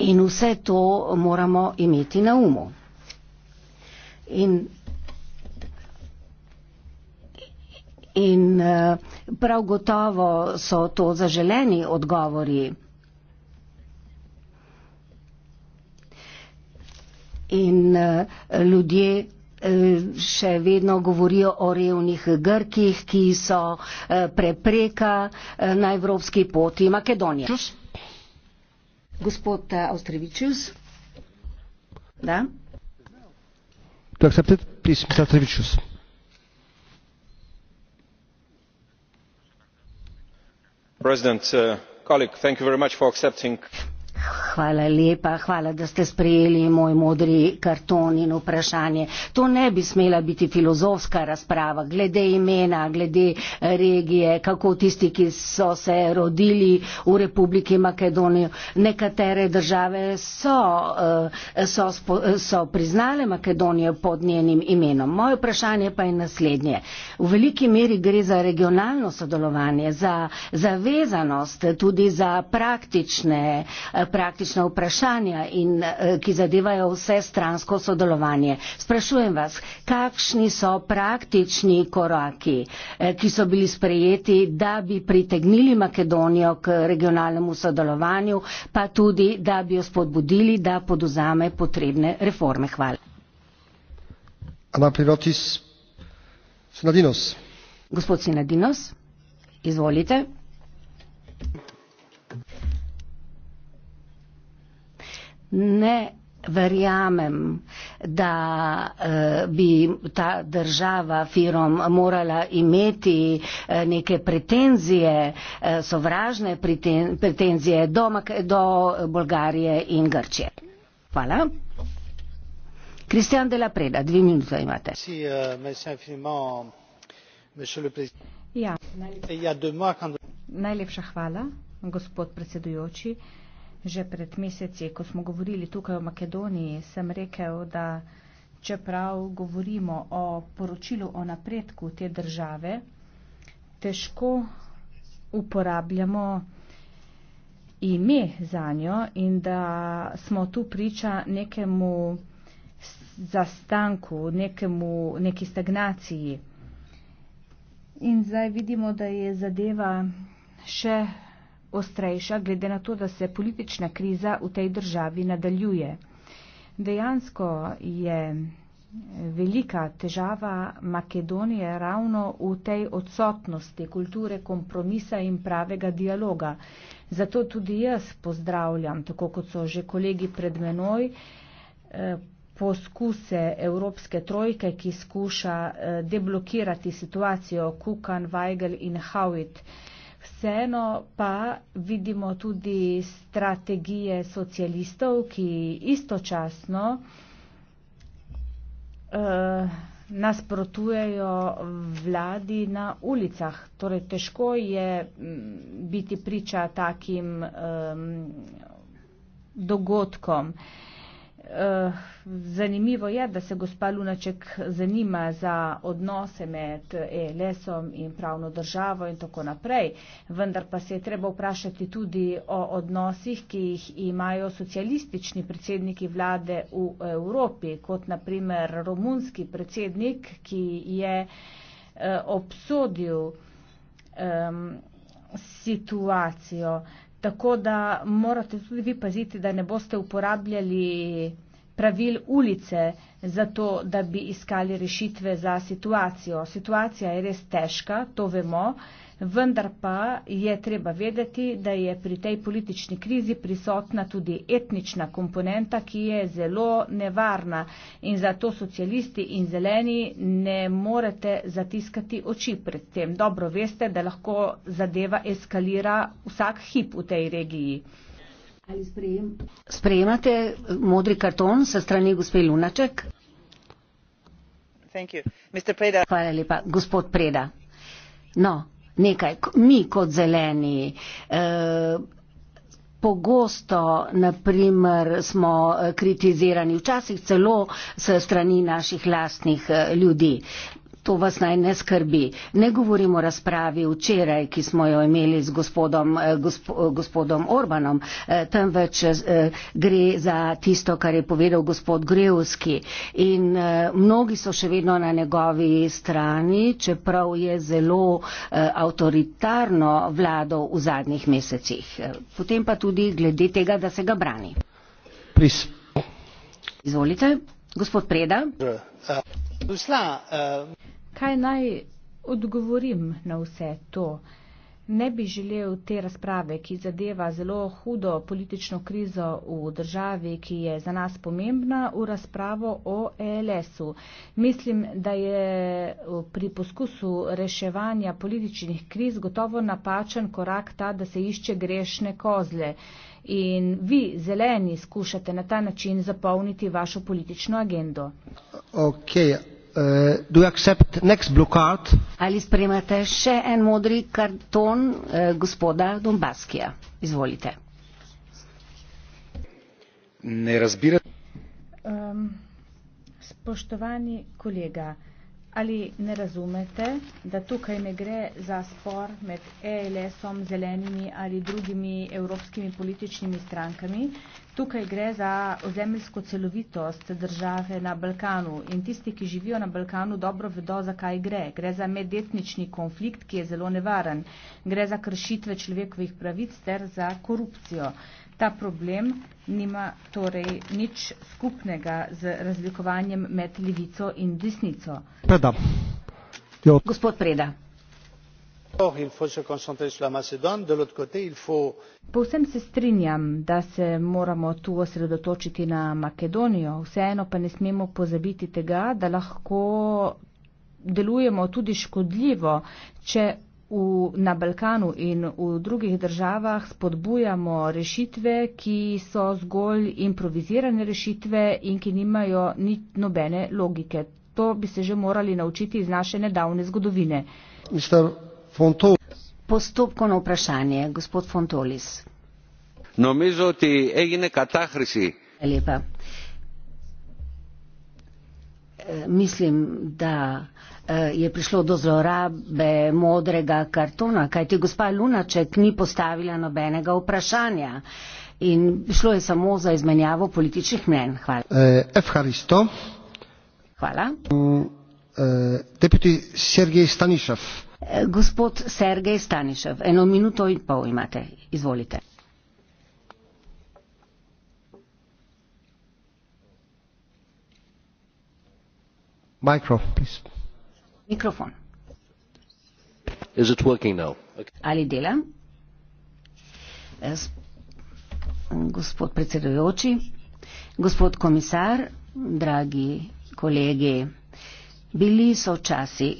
In vse to moramo imeti na umu. In, in eh, prav gotovo so to zaželeni odgovori. In eh, ljudje eh, še vedno govorijo o revnih Grkih, ki so prepreka na evropski poti Makedonije. Just Gospod Ostrevičius. Eh, da? To accepted, please, Mr. Ostrevičius. President, uh, colleague, thank you very much for accepting Hvala lepa, hvala, da ste sprejeli moj modri karton in vprašanje. To ne bi smela biti filozofska razprava glede imena, glede eh, regije, kako tisti, ki so se rodili v Republiki Makedonijo. Nekatere države so, eh, so, so, so priznale Makedonijo pod njenim imenom. Moje vprašanje pa je naslednje. V veliki meri gre za regionalno sodelovanje, za zavezanost, tudi za praktične eh, praktična vprašanja in eh, ki zadevajo vse stransko sodelovanje. Sprašujem vas, kakšni so praktični koraki, eh, ki so bili sprejeti, da bi pritegnili Makedonijo k regionalnemu sodelovanju, pa tudi, da bi jo spodbudili, da poduzame potrebne reforme. Hvala. Gospod Sinadinos, izvolite. ne verjamem, da eh, bi ta država firom morala imeti eh, neke pretenzije, eh, sovražne pretenzije do, do Bolgarije in Grčije. Hvala. Kristjan Dela Preda, dve minuti imate. Ja. Najlepša hvala, gospod predsedujoči že pred meseci, ko smo govorili tukaj o Makedoniji, sem rekel, da čeprav govorimo o poročilu o napredku te države, težko uporabljamo ime za njo in da smo tu priča nekemu zastanku, nekemu, neki stagnaciji. In zdaj vidimo, da je zadeva še ostrejša, glede na to, da se politična kriza v tej državi nadaljuje. Dejansko je velika težava Makedonije ravno v tej odsotnosti kulture kompromisa in pravega dialoga. Zato tudi jaz pozdravljam, tako kot so že kolegi pred menoj, eh, poskuse Evropske trojke, ki skuša eh, deblokirati situacijo Kukan, Weigel in Howitt. Vseeno pa vidimo tudi strategije socialistov, ki istočasno eh, nasprotujejo vladi na ulicah. Torej, težko je mm, biti priča takim um, dogodkom. Uh, Eh, zanimivo je, da se gospa Lunaček zanima za odnose med ELS-om in pravno državo in tako naprej, vendar pa se je treba vprašati tudi o odnosih, ki jih imajo socialistični predsedniki vlade v Evropi, kot naprimer romunski predsednik, ki je eh, obsodil um, situacijo. Tako da morate tudi vi paziti, da ne boste uporabljali pravil ulice za to, da bi iskali rešitve za situacijo. Situacija je res težka, to vemo, uh, Vendar pa je treba vedeti, da je pri tej politični krizi prisotna tudi etnična komponenta, ki je zelo nevarna in zato socialisti in zeleni ne morete zatiskati oči pred tem. Dobro veste, da lahko zadeva eskalira vsak hip v tej regiji. Sprejemate modri karton sa strani gospe Lunaček? Hvala lepa, gospod Preda. No, nekaj, mi kot zeleni. Uh, Pogosto, naprimer, smo eh, kritizirani, včasih celo s strani naših lastnih eh, ljudi to vas naj ne skrbi. Ne govorimo o razpravi včeraj, ki smo jo imeli z gospodom, eh, gosp, eh, gospodom Orbanom, eh, temveč gre za tisto, kar je povedal gospod Grevski. In mnogi so še vedno na njegovi strani, čeprav je zelo avtoritarno vlado v zadnjih mesecih. Potem pa tudi glede tega, da se ga brani. Please. Izvolite, gospod Preda. Yeah. Ja, uh. Ja. Kaj naj odgovorim na vse to? ne bi želel te razprave, ki zadeva zelo hudo politično krizo v državi, ki je za nas pomembna, v razpravo o ELS-u. Mislim, da je pri poskusu reševanja političnih kriz gotovo napačen korak ta, da se išče grešne kozle. In vi, zeleni, skušate na ta način zapolniti vašo politično agendo. Okay. Uh, do you accept next blue card? Ali sprejmete še en modri karton uh, gospoda Dombaskija? Izvolite. Ne razbirate. Um, spoštovani kolega, ali ne razumete, da tukaj ne gre za spor med ELS-om, zelenimi ali drugimi evropskimi političnimi strankami, Tukaj gre za ozemljsko celovitost države na Balkanu in tisti, ki živijo na Balkanu, dobro vedo, zakaj gre. Gre za medetnični konflikt, ki je zelo nevaren. Gre za kršitve človekovih pravic ter za korupcijo. Ta problem nima torej nič skupnega z razlikovanjem med levico in desnico. Preda. Jo. Gospod Preda. Povsem se strinjam, da se moramo tu osredotočiti na Makedonijo, vseeno pa ne smemo pozabiti tega, da lahko delujemo tudi škodljivo, če v, na Balkanu in v drugih državah spodbujamo rešitve, ki so zgolj improvizirane rešitve in ki nimajo niti nobene logike. To bi se že morali naučiti iz naše nedavne zgodovine. Mislim, Fontolis. Postopkovno vprašanje, gospod Fontolis. Nomizo ti egine katahrisi. Lepa. E, mislim, da e, je prišlo do zlorabe modrega kartona, kajti gospa Lunaček ni postavila nobenega vprašanja in šlo je samo za izmenjavo političnih mnen. Hvala. E, F. Haristo. Hvala. Deputy Sergej Stanišev. Eh, gospod Sergej Stanišev, eno minuto in pol imate. Izvolite. Mikrofon. Ali dela? Eh, gospod predsedujoči, gospod komisar, dragi kolegi, bili so časi,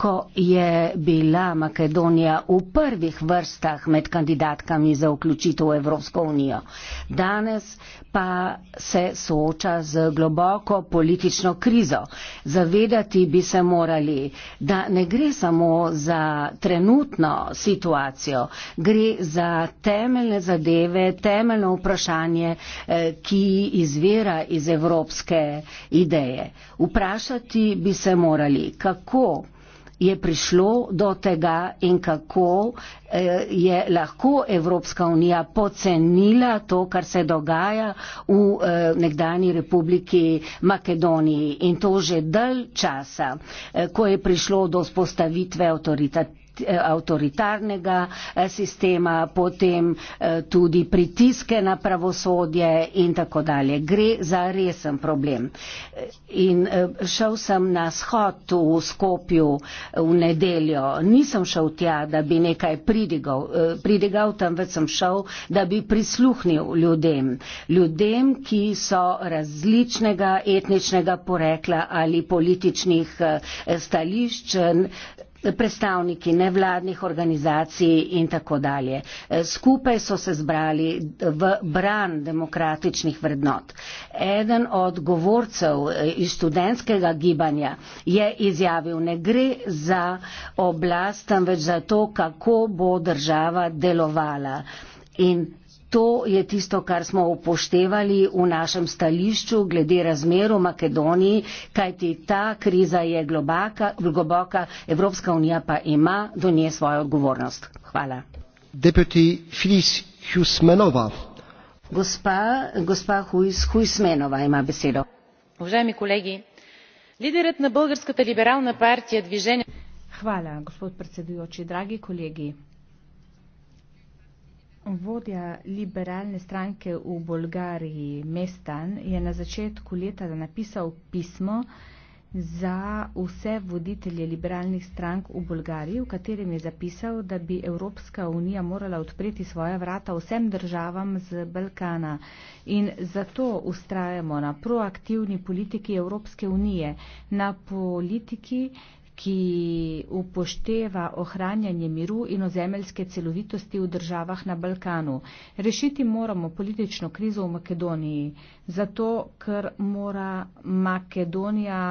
ko je bila Makedonija v prvih vrstah med kandidatkami za vključitev v Evropsko unijo. Danes pa se sooča z globoko politično krizo. Zavedati bi se morali, da ne gre samo za trenutno situacijo, gre za temeljne zadeve, temeljno vprašanje, eh, ki izvira iz evropske ideje. Vprašati bi se morali, kako je prišlo do tega in kako eh, je lahko Evropska unija pocenila to, kar se dogaja v eh, nekdani republiki Makedoniji in to že dal časa, eh, ko je prišlo do spostavitve avtoritete. Eh, avtoritarnega eh, sistema, potem eh, tudi pritiske na pravosodje in tako dalje. Gre za resen problem. In šel sem na shod v Skopju v nedeljo. Nisem šel tja, da bi nekaj pridigal, pridigal temveč sem šel, da bi prisluhnil ljudem. Ljudem, ki so različnega etničnega porekla ali političnih stališčen, predstavniki nevladnih organizacij in tako dalje. Skupaj so se zbrali v bran demokratičnih vrednot. Eden od govorcev eh, iz študentskega gibanja je izjavil, ne gre za oblast, temveč za to, kako bo država delovala. In To je tisto, kar smo upoštevali v našem stališču glede razmeru v Makedoniji, kajti ta kriza je globaka, globoka, Evropska unija pa ima do nje svojo odgovornost. Hvala. Gospa, gospa Huis, Huismenova ima besedo. Уважаеми колеги, лидерът на Българската либерална партия движение. Хвала, господ председуючи, драги колеги. Vodja liberalne stranke v Bolgariji, Mestan, je na začetku leta napisal pismo za vse voditelje liberalnih strank v Bolgariji, v katerem je zapisal, da bi Evropska unija morala odpreti svoja vrata vsem državam z Balkana. In zato ustrajamo na proaktivni politiki Evropske unije, na politiki, ki upošteva ohranjanje miru in ozemeljske celovitosti v državah na Balkanu. Rešiti moramo politično krizo v Makedoniji, zato ker mora Makedonija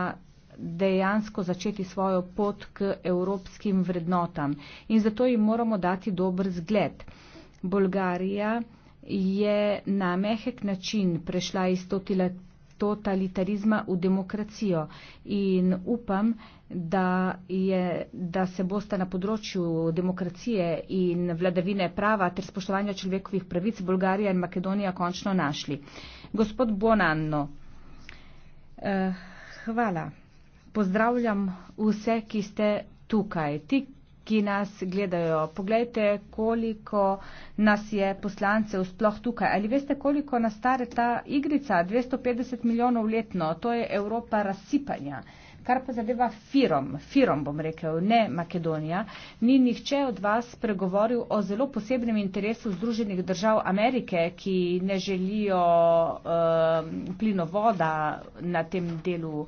dejansko začeti svojo pot k evropskim vrednotam in zato jim moramo dati dober zgled. Bolgarija je na mehek način prešla iz totalitarizma v demokracijo in upam, da, je, da se boste na področju demokracije in vladavine prava ter spoštovanja človekovih pravic Bolgarija in Makedonija končno našli. Gospod Bonanno, eh, hvala. Pozdravljam vse, ki ste tukaj. Ti, ki nas gledajo, poglejte, koliko nas je poslancev sploh tukaj. Ali veste, koliko nas stare ta igrica? 250 milijonov letno. To je Evropa razsipanja kar pa zadeva firom, firom bom rekel, ne Makedonija, ni nihče od vas pregovoril o zelo posebnem interesu Združenih držav Amerike, ki ne želijo uh, plinovoda na tem delu uh,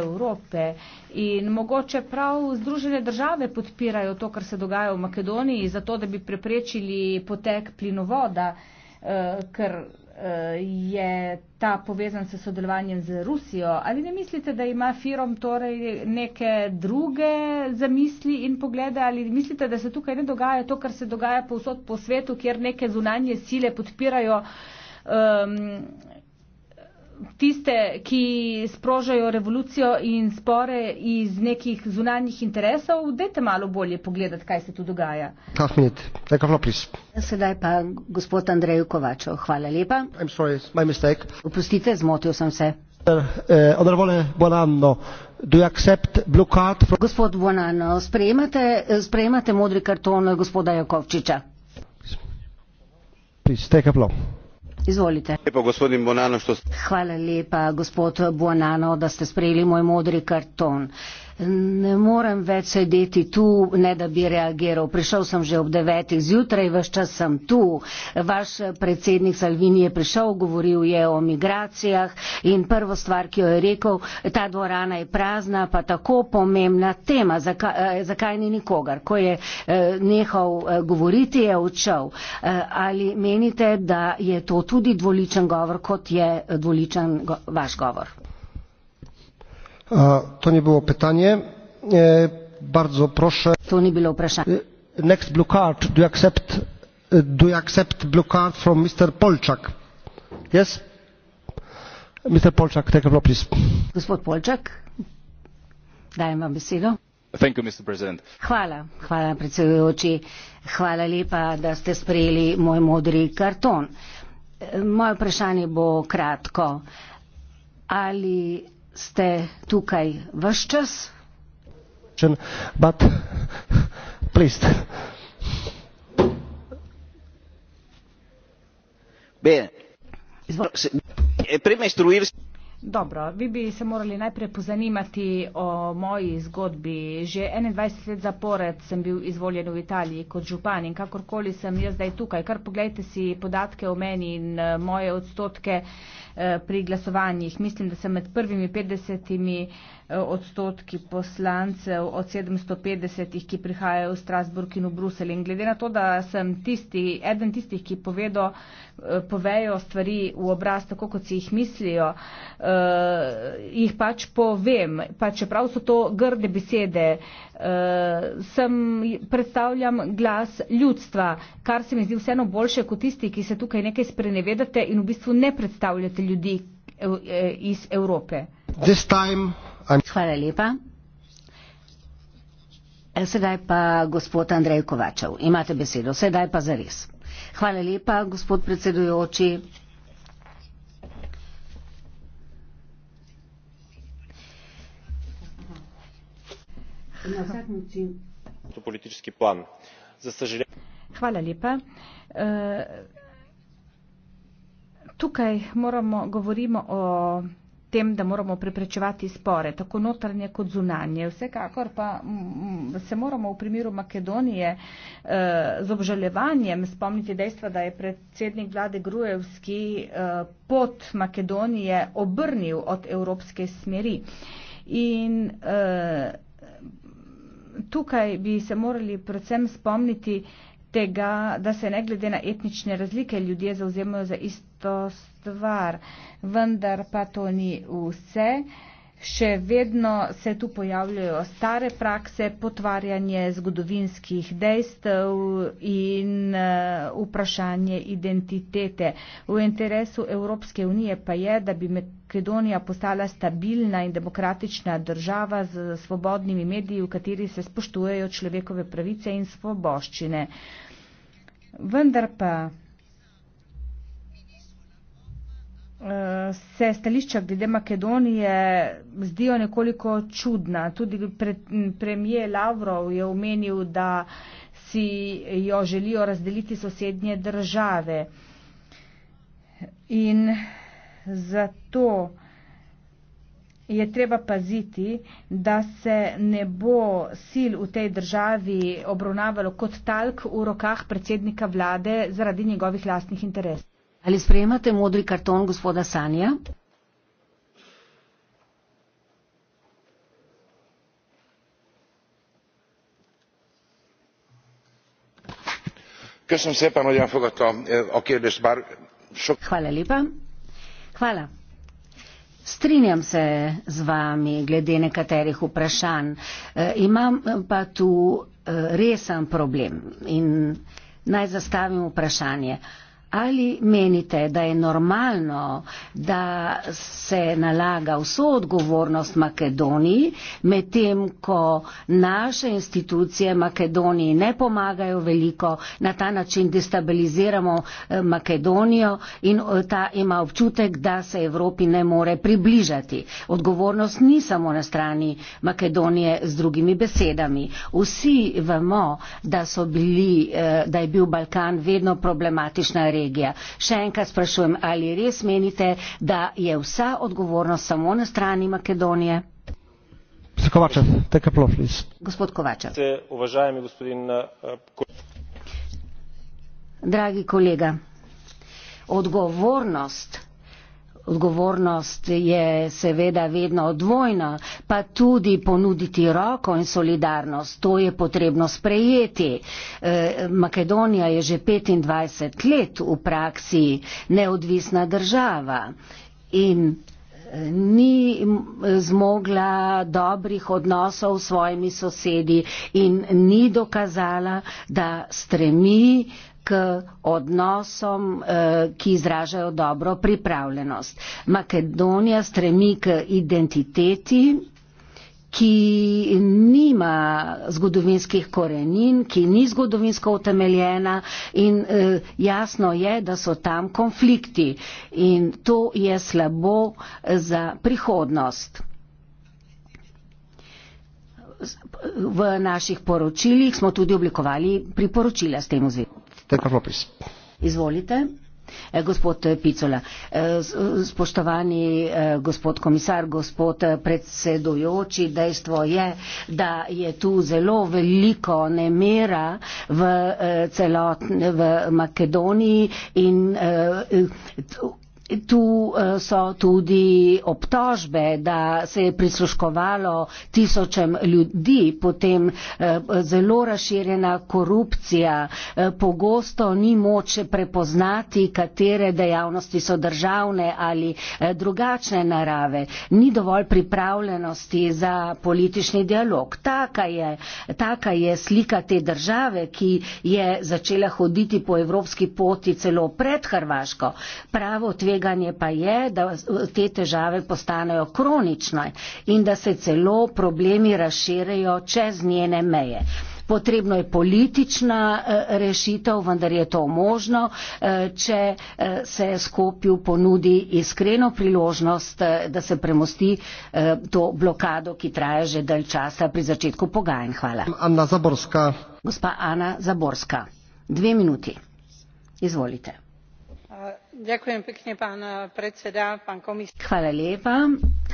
Evrope. In mogoče prav Združene države podpirajo to, kar se dogaja v Makedoniji, zato da bi preprečili potek plinovoda, uh, eh, ker Eh, je ta povezan s sodelovanjem z Rusijo. Ali ne mislite, da ima Firom torej neke druge zamisli in poglede, ali mislite, da se tukaj ne dogaja to, kar se dogaja povsod po svetu, kjer neke zunanje sile podpirajo um, tiste, ki sprožajo revolucijo in spore iz nekih zunanjih interesov, dajte malo bolje pogledati, kaj se tu dogaja. Ahmed, neka vlopis. Sedaj pa gospod Andrej Kovačev, hvala lepa. Sorry, Oprostite, zmotil sem se. Eh, eh, gospod Bonanno, sprejemate, sprejemate modri karton gospoda Jakovčiča? Please, take a blow. Izvolite. Lepo, Bonano, ste... Hvala lepa, gospod Buonano, da ste sprejeli moj modri karton. Uh, Ne morem več sedeti tu, ne da bi reagiral. Prišel sem že ob devetih zjutraj, vse čas sem tu. Vaš predsednik Salvini je prišel, govoril je o migracijah in prvo stvar, ki jo je rekel, ta dvorana je prazna, pa tako pomembna tema, zakaj, eh, zakaj ni nikogar. Ko je eh, nehal eh, govoriti, je odšel. Ali menite, da je to tudi dvoličen govor, kot je dvoličen go vaš govor? To nie było pytanie. E, bardzo proszę. To nie było proszę. E, next blue card. Do you accept, e, do you accept blue card from Mr. Polczak? Yes? Mr. Polczak, take a please. Gospod Polczak, dajem vam besedo. Thank you, Mr. President. Hvala, hvala predsedujoči. Hvala lepa, da ste sprejeli moj modri karton. Moje vprašanje bo kratko. Ali ste tukaj vse čas. But, Bene. Eh, prima istruirsi. Dobro, vi bi se morali najprej pozanimati o moji zgodbi. Že 21 let zapored sem bil izvoljen v Italiji kot župan in kakorkoli sem jaz zdaj tukaj. Kar pogledajte si podatke o meni in eh, moje odstotke eh, pri glasovanjih. Mislim, da sem med prvimi 50 odstotki poslancev od 750, ki prihajajo v Strasburg in v Bruselj. In glede na to, da sem tisti, eden tistih, ki povedo, eh, povejo stvari v obraz tako, kot si jih mislijo, eh, jih pač povem, pa čeprav so to grde besede, eh, sem, predstavljam glas ljudstva, kar se mi zdi vseeno boljše kot tisti, ki se tukaj nekaj sprenevedate in v bistvu ne predstavljate ljudi iz Evrope. This time Hvala lepa. E, sedaj pa gospod Andrej Kovačev. Imate besedo. Sedaj pa zares. Hvala lepa, gospod predsedujoči. Hvala lepa. E, tukaj moramo govoriti o tem, da moramo preprečevati spore, tako notranje kot zunanje. Vsekakor pa mm, se moramo v primeru Makedonije eh, z obžalevanjem spomniti dejstva, da je predsednik vlade Grujevski eh, pot Makedonije obrnil od evropske smeri. In eh, tukaj bi se morali predvsem spomniti, tega, da se ne glede na etnične razlike ljudje zauzemajo za isto stvar. Vendar pa to ni vse. Uh, Še vedno se tu pojavljajo stare prakse, potvarjanje zgodovinskih dejstev in eh, vprašanje identitete. V interesu Evropske unije pa je, da bi Makedonija postala stabilna in demokratična država z svobodnimi mediji, v kateri se spoštujejo človekove pravice in svoboščine. Vendar pa se stališča glede Makedonije zdijo nekoliko čudna. Tudi pre, premije Lavrov je omenil, da si jo želijo razdeliti sosednje države. In zato je treba paziti, da se ne bo sil v tej državi obravnavalo kot talk v rokah predsednika vlade zaradi njegovih lastnih interesov. Ali sprejemate modri karton gospoda Sanja? Köszönöm szépen, hogy elfogadta eh, a kérdést, bár sok... Hvala lepa. Hvala. Strinjam se z vami glede nekaterih vprašanj. E, imam eh, pa tu e, resen problem in naj zastavim vprašanje. E, Ali menite, da je normalno, da se nalaga vso odgovornost Makedoniji, medtem ko naše institucije Makedoniji ne pomagajo veliko, na ta način destabiliziramo eh, Makedonijo in eh, ta ima občutek, da se Evropi ne more približati. Odgovornost ni samo na strani Makedonije z drugimi besedami. Vsi vemo, da, bili, eh, da je bil Balkan vedno problematična regija regija. Še enkrat sprašujem, ali res menite, da je vsa odgovornost samo na strani Makedonije? Kovačev, plof, Gospod Kovačev. Uvažajmi gospodin. Eh, Dragi kolega, odgovornost odgovornost je seveda vedno odvojna, pa tudi ponuditi roko in solidarnost. To je potrebno sprejeti. E, Makedonija je že 25 let v praksi neodvisna država in e, ni zmogla dobrih odnosov s svojimi sosedi in ni dokazala, da stremi odnosom, eh, ki izražajo dobro pripravljenost. Makedonija stremi k identiteti ki nima zgodovinskih korenin, ki ni zgodovinsko utemeljena in eh, jasno je, da so tam konflikti in to je slabo za prihodnost. V naših poročilih smo tudi oblikovali priporočila s tem vzvedom. Tekaflopis. Izvolite. Eh, gospod eh, Picola, eh, spoštovani gospod komisar, gospod predsedujoči, dejstvo je, da je tu zelo veliko nemira v, celotne, v Makedoniji in Tu eh, so tudi obtožbe, da se je prisluškovalo tisočem ljudi, potem eh, zelo raširjena korupcija, eh, pogosto ni moč prepoznati, katere dejavnosti so državne ali drugačne narave, ni dovolj pripravljenosti za politični dialog. Taka je, taka je slika te države, ki je začela hoditi po evropski poti celo pred Hrvaško. Pravo tveg tveganje pa je, da te težave postanejo kronične in da se celo problemi razširejo čez njene meje. Potrebno je politična eh, rešitev, vendar je to možno, eh, če eh, se Skopju ponudi iskreno priložnost, da se premosti to blokado, ki traja že dalj časa pri začetku pogajanj. Hvala. Anna Zaborska. Gospa Ana Zaborska. Dve minuti. Izvolite hvala lepa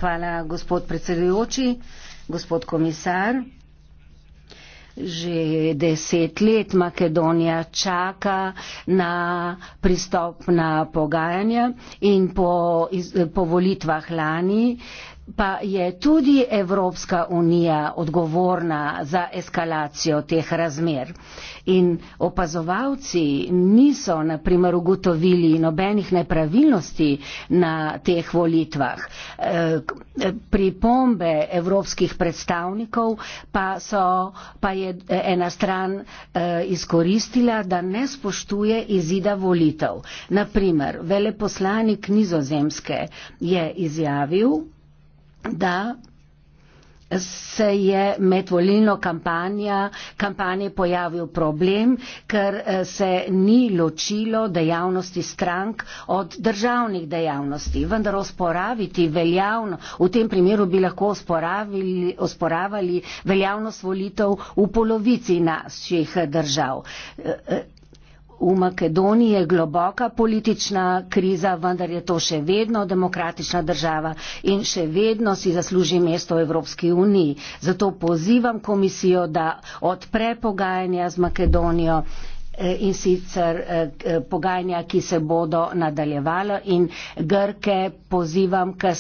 hvala gospod predsedujoči gospod komisar že deset let makedonija čaka na pristopna pogajanja in po, iz, po volitvah lani pa je tudi Evropska unija odgovorna za eskalacijo teh razmer. In opazovalci niso, na primer, ugotovili nobenih nepravilnosti na teh volitvah. E, pripombe evropskih predstavnikov pa, so, pa je ena stran e, izkoristila, da ne spoštuje izida volitev. Naprimer, veleposlanik nizozemske je izjavil, da se je med volilno kampanjo, kampanje pojavil problem, ker eh, se ni ločilo dejavnosti strank od državnih dejavnosti. Vendar osporaviti veljavno, v tem primeru bi lahko osporavali veljavnost volitev v polovici naših držav. Eh, eh, V Makedoniji je globoka politična kriza, vendar je to še vedno demokratična država in še vedno si zasluži mesto v Evropski uniji. Zato pozivam komisijo, da odpre pogajanja z Makedonijo eh, in sicer eh, pogajanja, ki se bodo nadaljevala in Grke pozivam k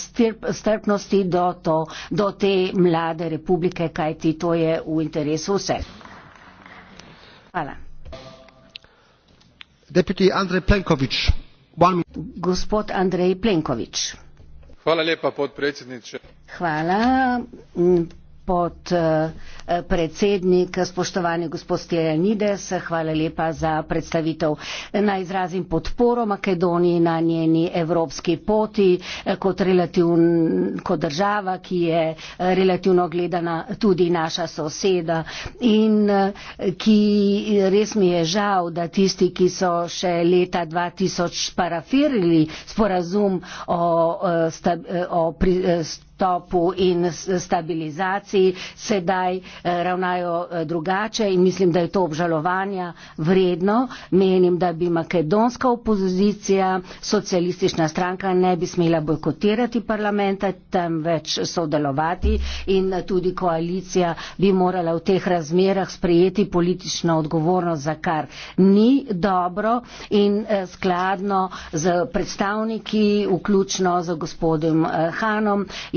strpnosti do, to, do te mlade republike, kajti to je v interesu vseh. Hvala gospod andrej plenković gospod eh, eh, predsednik, spoštovani gospod Stjelenides, hvala lepa za predstavitev. Naj izrazim podporo Makedoniji na njeni evropski poti eh, kot, relativn, kot država, ki je relativno gledana tudi naša soseda in ki res mi je žal, da tisti, ki so še leta 2000 parafirili sporazum o, o, o, o topu in stabilizaciji, sedaj eh, ravnajo eh, drugače in mislim, da je to obžalovanja vredno. Menim, da bi makedonska opozicija, socialistična stranka ne bi smela bojkotirati parlamenta, temveč sodelovati in tudi koalicija bi morala v teh razmerah sprejeti politično odgovornost, za kar ni dobro in eh, skladno z predstavniki, vključno z gospodom Hanom,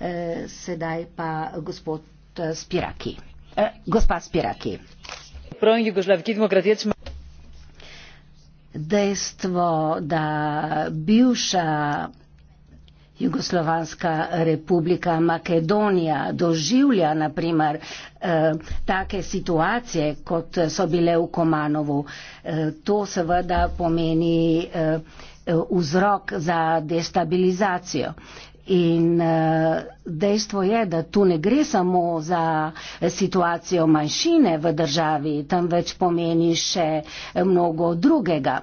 Eh, sedaj pa gospod eh, Spiraki. Eh, gospa Spiraki. Dejstvo, da bivša Jugoslovanska republika Makedonija doživlja naprimer eh, take situacije, kot so bile v Komanovu, eh, to seveda pomeni. Eh, vzrok za destabilizacijo. In eh, dejstvo je, da tu ne gre samo za situacijo manjšine v državi, temveč pomeni še mnogo drugega.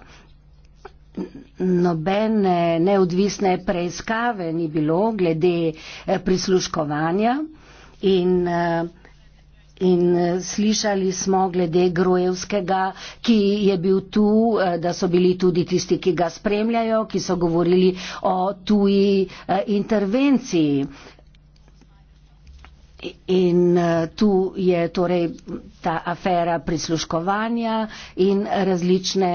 Nobene neodvisne preiskave ni bilo glede eh, prisluškovanja in uh, In eh, slišali smo glede Grojevskega, ki je bil tu, eh, da so bili tudi tisti, ki ga spremljajo, ki so govorili o tuji eh, intervenciji. In tu je torej ta afera prisluškovanja in različne,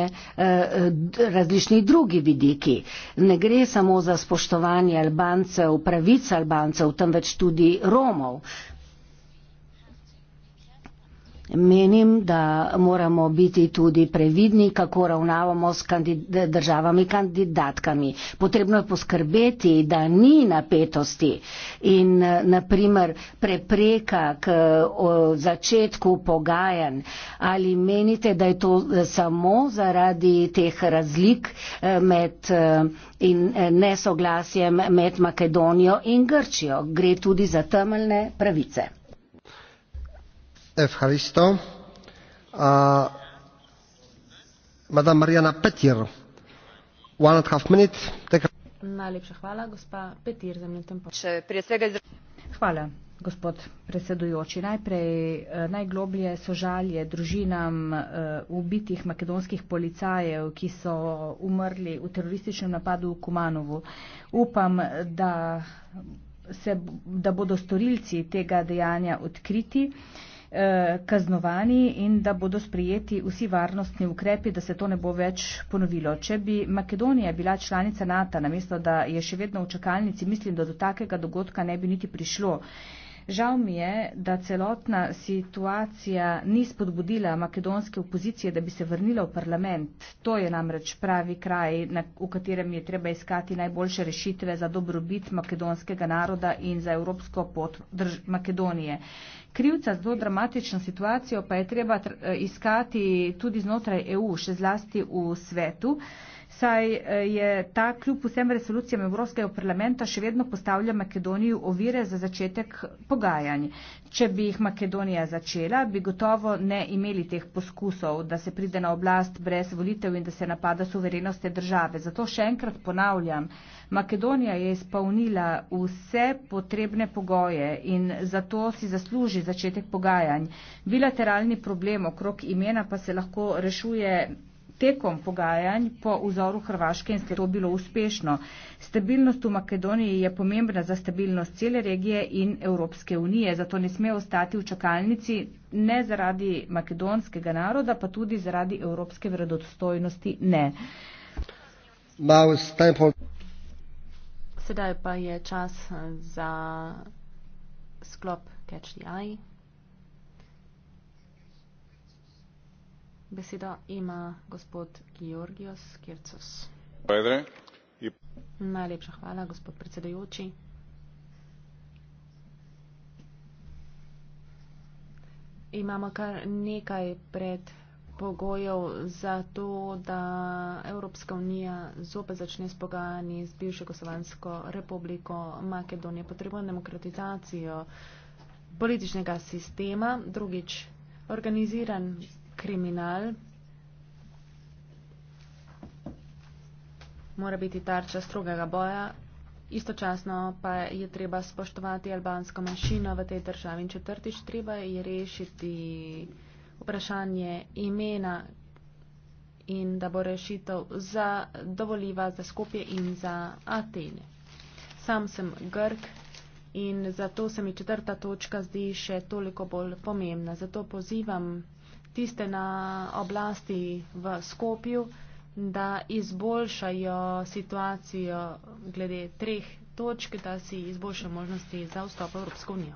različni drugi vidiki. Ne gre samo za spoštovanje Albancev, pravice Albancev, temveč tudi Romov. Menim, da moramo biti tudi previdni, kako ravnavamo s kandid državami kandidatkami. Potrebno je poskrbeti, da ni napetosti in naprimer prepreka k začetku pogajanj. Ali menite, da je to samo zaradi teh razlik eh, med eh, in eh, nesoglasjem med Makedonijo in Grčijo? Gre tudi za temeljne pravice ευχαριστώ. Uh, Madame Mariana Petir, one and a half minute. Take... Najlepša hvala, gospa Petir, za minuten počet. Hvala, gospod predsedujoči. Najprej eh, najgloblje sožalje družinam eh, ubitih makedonskih policajev, ki so umrli v terorističnem napadu v Kumanovu. Upam, da, se, da bodo storilci tega dejanja odkriti. Uh, Eh, kaznovani in da bodo sprijeti vsi varnostni ukrepi, da se to ne bo več ponovilo. Če bi Makedonija bila članica NATO, namesto da je še vedno v čakalnici, mislim, da do takega dogodka ne bi niti prišlo. Žal mi je, da celotna situacija ni spodbudila makedonske opozicije, da bi se vrnila v parlament. To je namreč pravi kraj, na, v katerem je treba iskati najboljše rešitve za dobrobit makedonskega naroda in za evropsko pot drž Makedonije. Uh, Krivca za to dramatično situacijo pa je treba eh, iskati tudi znotraj EU, še zlasti v svetu saj eh, je ta kljub vsem resolucijam Evropskega parlamenta še vedno postavlja Makedoniji ovire za začetek pogajanj. Če bi jih Makedonija začela, bi gotovo ne imeli teh poskusov, da se pride na oblast brez volitev in da se napada suverenost te države. Zato še enkrat ponavljam, Makedonija je izpolnila vse potrebne pogoje in zato si zasluži začetek pogajanj. Bilateralni problem okrog imena pa se lahko rešuje tekom pogajanj po vzoru Hrvaške in ste to bilo uspešno. Stabilnost v Makedoniji je pomembna za stabilnost cele regije in Evropske unije, zato ne sme ostati v čakalnici ne zaradi makedonskega naroda, pa tudi zaradi evropske vredostojnosti ne. Sedaj pa je čas za sklop Catch the Eye. Besedo ima gospod Georgios Kircos. Najlepša hvala, gospod predsedujoči. Imamo kar nekaj predpogojev za to, da Evropska unija zopet začne s pogajanji z bivšo Kosovansko republiko Makedonije. Potrebujemo demokratizacijo političnega sistema, drugič organiziran kriminal. Mora biti tarča strogega boja. Istočasno pa je treba spoštovati albansko manjšino v tej državi in četrtič treba je rešiti vprašanje imena in da bo rešitev za dovoljiva za Skopje in za Atene. Sam sem Grk in zato se mi četrta točka zdi še toliko bolj pomembna. Zato pozivam tiste na oblasti v Skopju, da izboljšajo situacijo glede treh točk, da si izboljšajo možnosti za vstop v Evropsko unijo.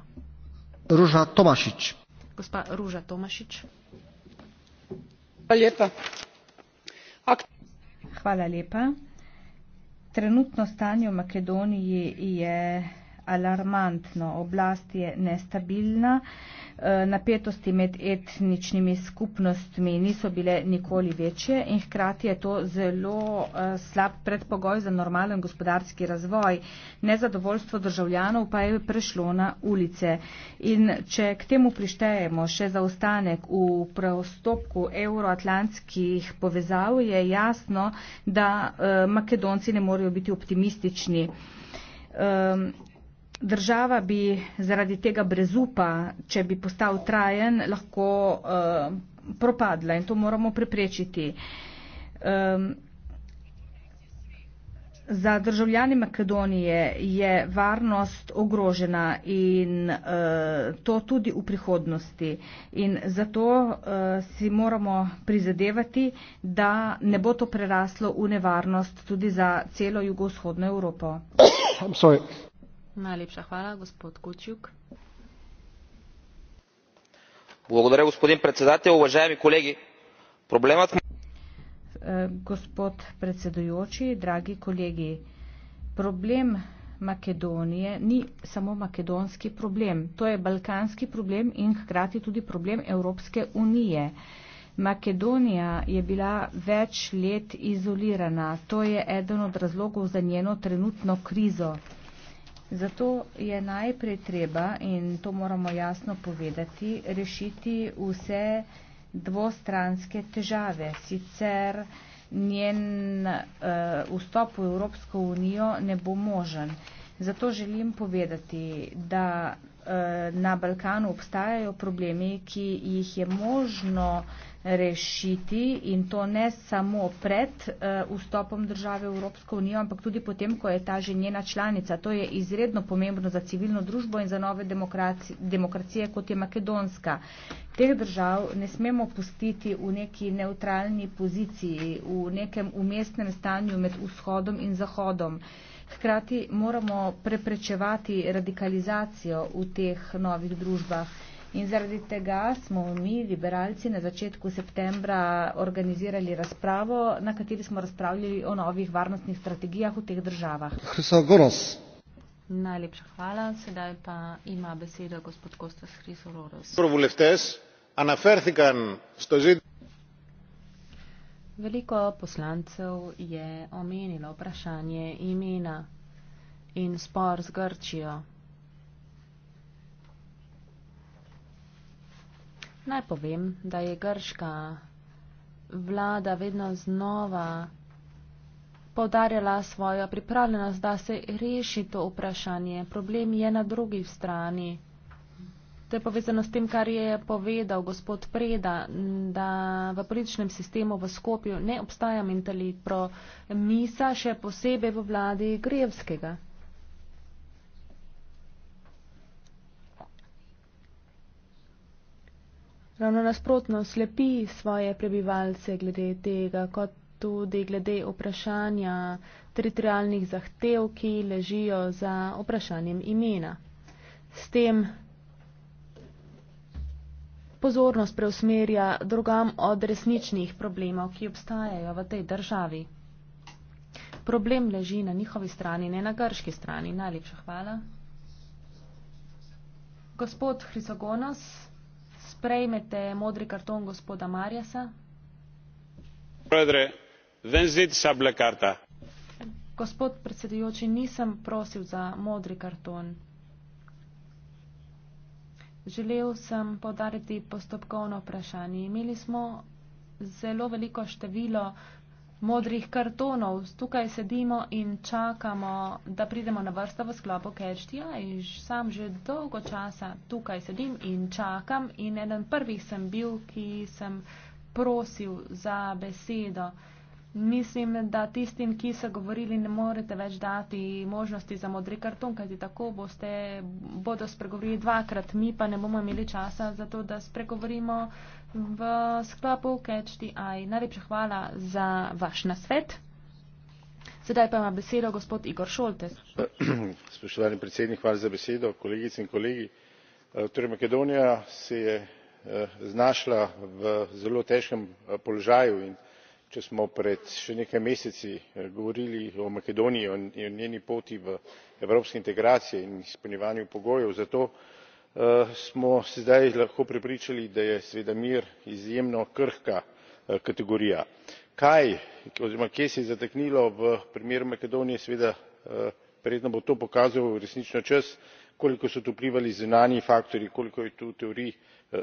Ruža Tomašič. Gospa Ruža Tomašič. Hvala lepa. Ak Hvala lepa. Trenutno stanje v Makedoniji je alarmantno. Oblast je nestabilna, eh, napetosti med etničnimi skupnostmi niso bile nikoli večje in hkrati je to zelo eh, slab predpogoj za normalen gospodarski razvoj. Nezadovoljstvo državljanov pa je prešlo na ulice. In če k temu prištejemo še zaostanek v preostopku euroatlantskih povezav, je jasno, da eh, makedonci ne morejo biti optimistični. Ehm, Država bi zaradi tega brezupa, če bi postal trajen, lahko uh, propadla in to moramo preprečiti. Um, za državljani Makedonije je varnost ogrožena in uh, to tudi v prihodnosti. In zato uh, si moramo prizadevati, da ne bo to preraslo v nevarnost tudi za celo jugovzhodno Evropo. Najlepša hvala, gospod Kučjuk. Благодаря, господин председател. Уважаеми колеги, проблемът... Господ председующий, драги колеги, проблем Македонии не само македонский проблем. То е балканский проблем и хкрати туди проблем Европске уније. Македония е била веч лет изолирана. То е еден од разлогов за њено тренутно кризо. Zato je najprej treba, in to moramo jasno povedati, rešiti vse dvostranske težave. Sicer njen uh, vstop v Evropsko unijo ne bo možen. Zato želim povedati, da uh, na Balkanu obstajajo problemi, ki jih je možno rešiti in to ne samo pred uh, vstopom države v Evropsko unijo, ampak tudi potem, ko je ta že njena članica. To je izredno pomembno za civilno družbo in za nove demokracije, demokracije kot je Makedonska. Teh držav ne smemo pustiti v neki neutralni poziciji, v nekem umestnem stanju med vzhodom in zahodom. Hkrati moramo preprečevati radikalizacijo v teh novih družbah. In zaradi tega smo mi, liberalci, na začetku septembra organizirali razpravo, na kateri smo razpravljali o novih varnostnih strategijah v teh državah. Najlepša hvala. Sedaj pa ima besedo gospod Kostas Hrisororos. Veliko poslancev je omenilo vprašanje imena in spor z Grčijo. Naj povem, da je grška vlada vedno znova podarjala svojo pripravljenost, da se reši to vprašanje. Problem je na drugi strani. To je povezano s tem, kar je povedal gospod Preda, da v političnem sistemu v Skopju ne obstaja mentalit pro misa, še posebej v vladi grevskega. Ravno nasprotno, slepi svoje prebivalce glede tega, kot tudi glede vprašanja teritorijalnih zahtev, ki ležijo za vprašanjem imena. S tem pozornost preusmerja drugam od resničnih problemov, ki obstajajo v tej državi. Problem leži na njihovi strani, ne na grški strani. Najlepša hvala. Gospod Hrisogonos sprejmete modri karton gospoda Marjasa? Gospod predsedujoči, nisem prosil za modri karton. Želel sem podariti postopkovno vprašanje. Imeli smo zelo veliko število modrih kartonov. Tukaj sedimo in čakamo, da pridemo na vrsto v sklopu Kerštija. Sam že dolgo časa tukaj sedim in čakam. In eden prvih sem bil, ki sem prosil za besedo. Mislim, da tistim, ki so govorili, ne morete več dati možnosti za modri karton, kajti tako boste, bodo spregovorili dvakrat, mi pa ne bomo imeli časa za to, da spregovorimo v sklopu CatchDI. Najlepša hvala za vaš nasvet. Sedaj pa ima besedo gospod Igor Šoltes. Spoštovani predsednik, hvala za besedo. Kolegice in kolegi, eh, torej Makedonija se je eh, znašla v zelo težkem eh, položaju in če smo pred še nekaj meseci govorili o Makedoniji in njeni poti v evropske integracije in izpolnjevanju pogojev za to, Eh, smo se zdaj lahko prepričali da je seveda mir izjemno krhka eh, kategorija. kaj oziroma kje se je zataknilo v primeru makedonije seveda eh, verjetno bo to pokazal resnično čas koliko so tu vplivali zunanji faktorji koliko je tu teorij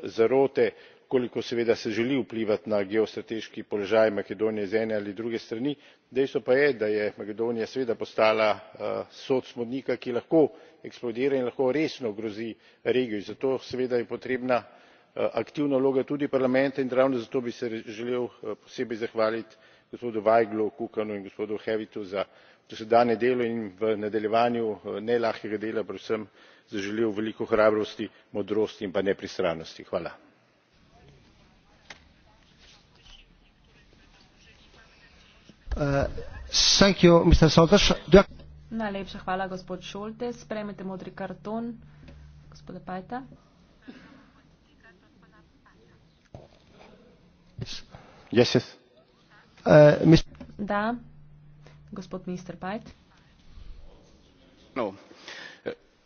zarote koliko seveda se želi vplivati na geostrateški položaj makedonije z ene ali druge strani dejstvo pa je da je makedonija seveda postala eh, sod smodnika ki lahko eksplodira in lahko resno ogrozi regijo in zato seveda je potrebna eh, aktivna vloga tudi parlamenta in ravno zato bi se želel eh, posebej zahvaliti gospodu vajglu kukanu in gospodu howittu za dosedanje delo in v nadaljevanju nelahkega dela predvsem zaželel veliko hrabrosti modrosti in pa nepristranosti. Uh, Najlepša hvala, gospod Šolte. Spremete modri karton, gospoda Pajta. Yes, yes. Uh, da, gospod minister Pajt. No.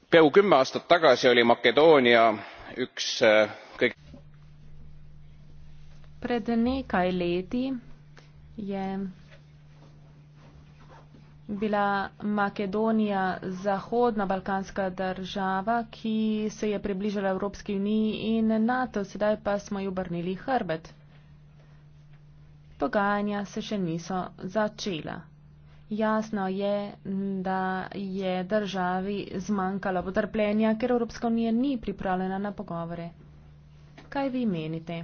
Peu kümme aastat tagasi oli Makedoonia üks äh, kõik... Pred nekaj leti je bila Makedonija zahodna balkanska država, ki se je približala Evropski uniji in NATO, sedaj pa smo ji obrnili hrbet. Pogajanja se še niso začela. Jasno je, da je državi zmanjkalo potrpljenja, ker Evropska unija ni pripravljena na pogovore. Kaj vi menite?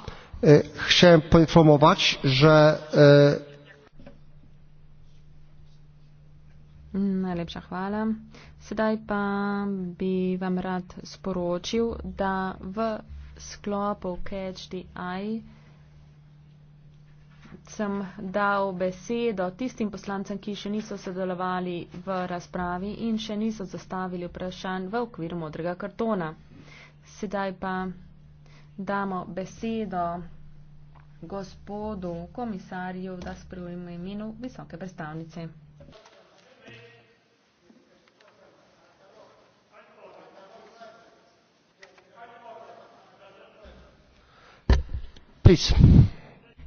E, chciałem poinformować, że e, Najlepsza chwala. Sedaj pa bi vam rad sporočil, da v sklopu CatchDI sem dal besedo tistim poslancem, ki še niso sodelovali v razpravi in še niso zastavili vprašanj v okviru modrega kartona. Sedaj pa damo besedo gospodu komisarju, da sprejme imenu visoke predstavnice.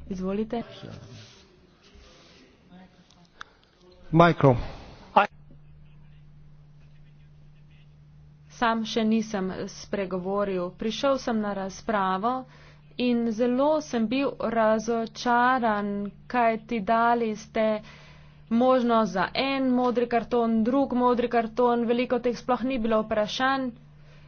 Izvolite. Mikro. sam še nisem spregovoril. Prišel sem na razpravo in zelo sem bil razočaran, kaj ti dali ste možno za en modri karton, drug modri karton, veliko teh sploh ni bilo vprašanj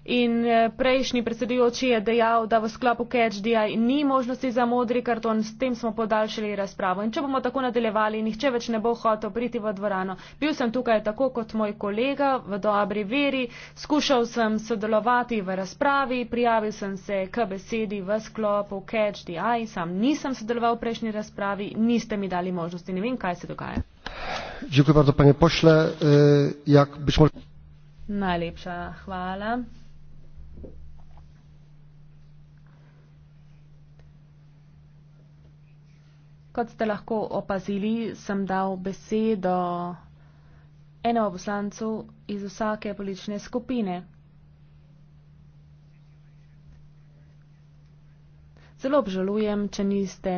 in eh, prejšnji predsedujoči je dejal, da v sklopu CatchDI ni možnosti za modri karton, s tem smo podaljšali razpravo. In če bomo tako nadaljevali, nihče več ne bo hotel priti v dvorano. Bil sem tukaj tako kot moj kolega v dobri veri, skušal sem sodelovati v razpravi, prijavil sem se k besedi v sklopu CatchDI, sam nisem sodeloval v prejšnji razpravi, niste mi dali možnosti, ne vem, kaj se dogaja. Dziękuję bardzo panie pośle. E, jak być może... Najlepsza chwala. Kot ste lahko opazili, sem dal besedo enemu poslancu iz vsake politične skupine. Zelo obžalujem, če niste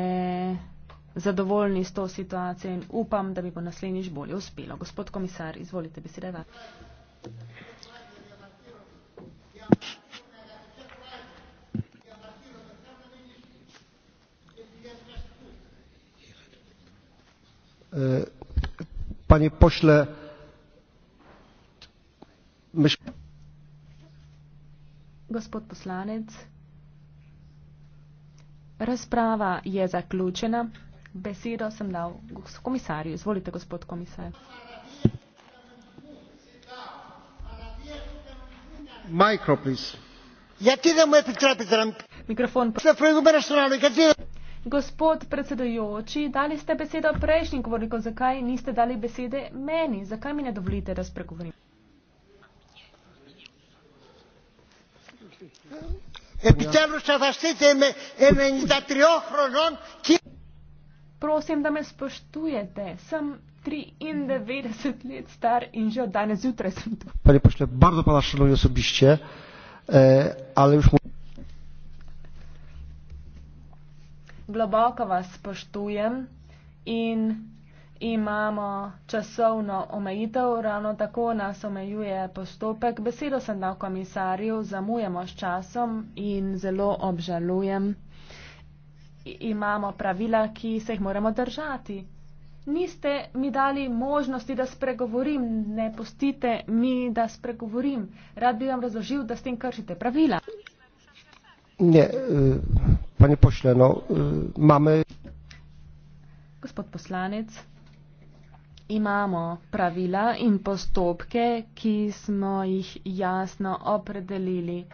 zadovoljni s to situacijo in upam, da bi bo naslednjič bolje uspelo. Gospod komisar, izvolite besedeva. Thank ja. you. E, panie pośle myśl... gospod poslanec razprava je zaključena besedo sem dal komisarju izvolite gospod komisar Micro, please. Ja, Mikrofon. Gospod predsedujoči, dali ste besedo prejšnjim govornikom, zakaj niste dali besede meni, zakaj mi ne dovolite, da spregovorim? Ja, Prosim, da me spoštujete. Sem 93 let star in že od danes zjutraj sem tu. globoko vas spoštujem in imamo časovno omejitev, ravno tako nas omejuje postopek. Besedo sem dal komisarju, zamujamo s časom in zelo obžalujem. Imamo pravila, ki se jih moramo držati. Niste mi dali možnosti, da spregovorim, ne pustite mi, da spregovorim. Rad bi vam razložil, da s tem kršite pravila. Ne, eh, Panie pośle, no mamy. Gospod poslanec, imamo pravila in postopke, ki smo jih jasno opredelili.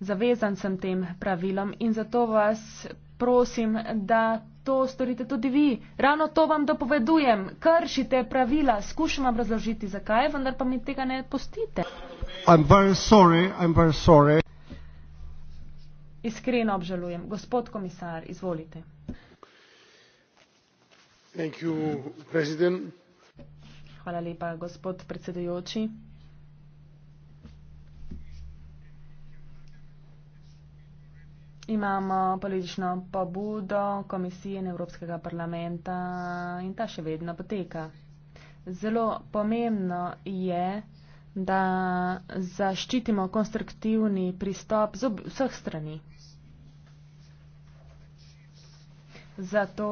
Zavezan sem tem pravilom in zato vas prosim, da to storite tudi vi. Ravno to vam dopovedujem. Kršite pravila. Skušam vam razložiti, zakaj, vendar pa mi tega ne pustite. I'm very sorry, I'm very sorry iskreno obžalujem. Gospod komisar, izvolite. You, Hvala lepa, gospod predsedujoči. Imamo politično pobudo Komisije in Evropskega parlamenta in ta še vedno poteka. Zelo pomembno je, da zaščitimo konstruktivni pristop z vseh strani. Zato,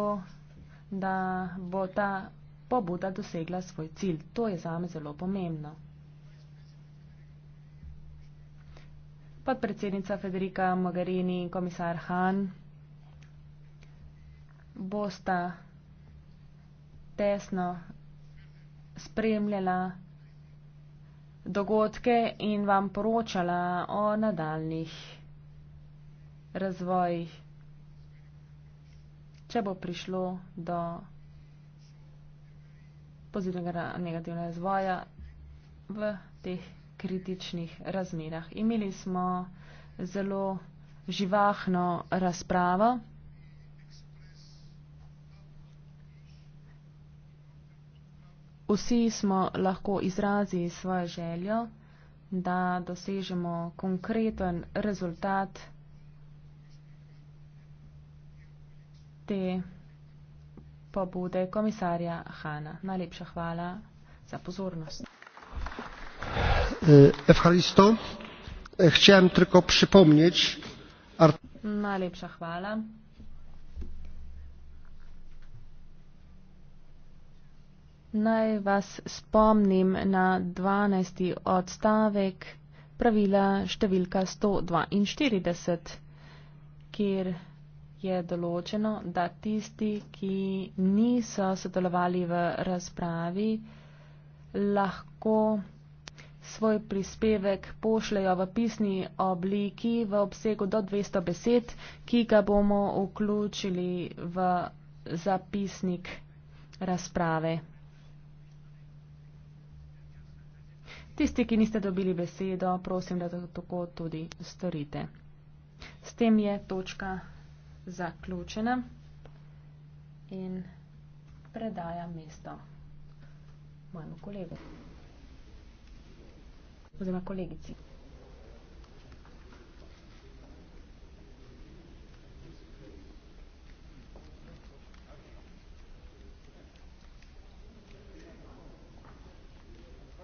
da bo ta pobuda dosegla svoj cilj. To je zame zelo pomembno. Podpredsednica Federica Mogherini in komisar Han bosta tesno spremljala dogodke in vam poročala o nadaljnih razvojih, če bo prišlo do pozitivnega negativnega razvoja v teh kritičnih razmerah. Imeli smo zelo živahno razpravo. Vsi smo lahko izrazi svojo željo, da dosežemo konkreten rezultat te pobude komisarja Hana. Najlepša hvala za pozornost. E, Evharisto, e, chciałem tylko przypomnieć. Najlepša hvala. naj vas spomnim na 12. odstavek pravila številka 142, kjer je določeno, da tisti, ki niso sodelovali v razpravi, lahko svoj prispevek pošljajo v pisni obliki v obsegu do 200 besed, ki ga bomo vključili v zapisnik razprave. Tisti, ki niste dobili besedo, prosim, da tako tudi storite. S tem je točka zaključena in predaja mesto mojemu kolegu oziroma kolegici.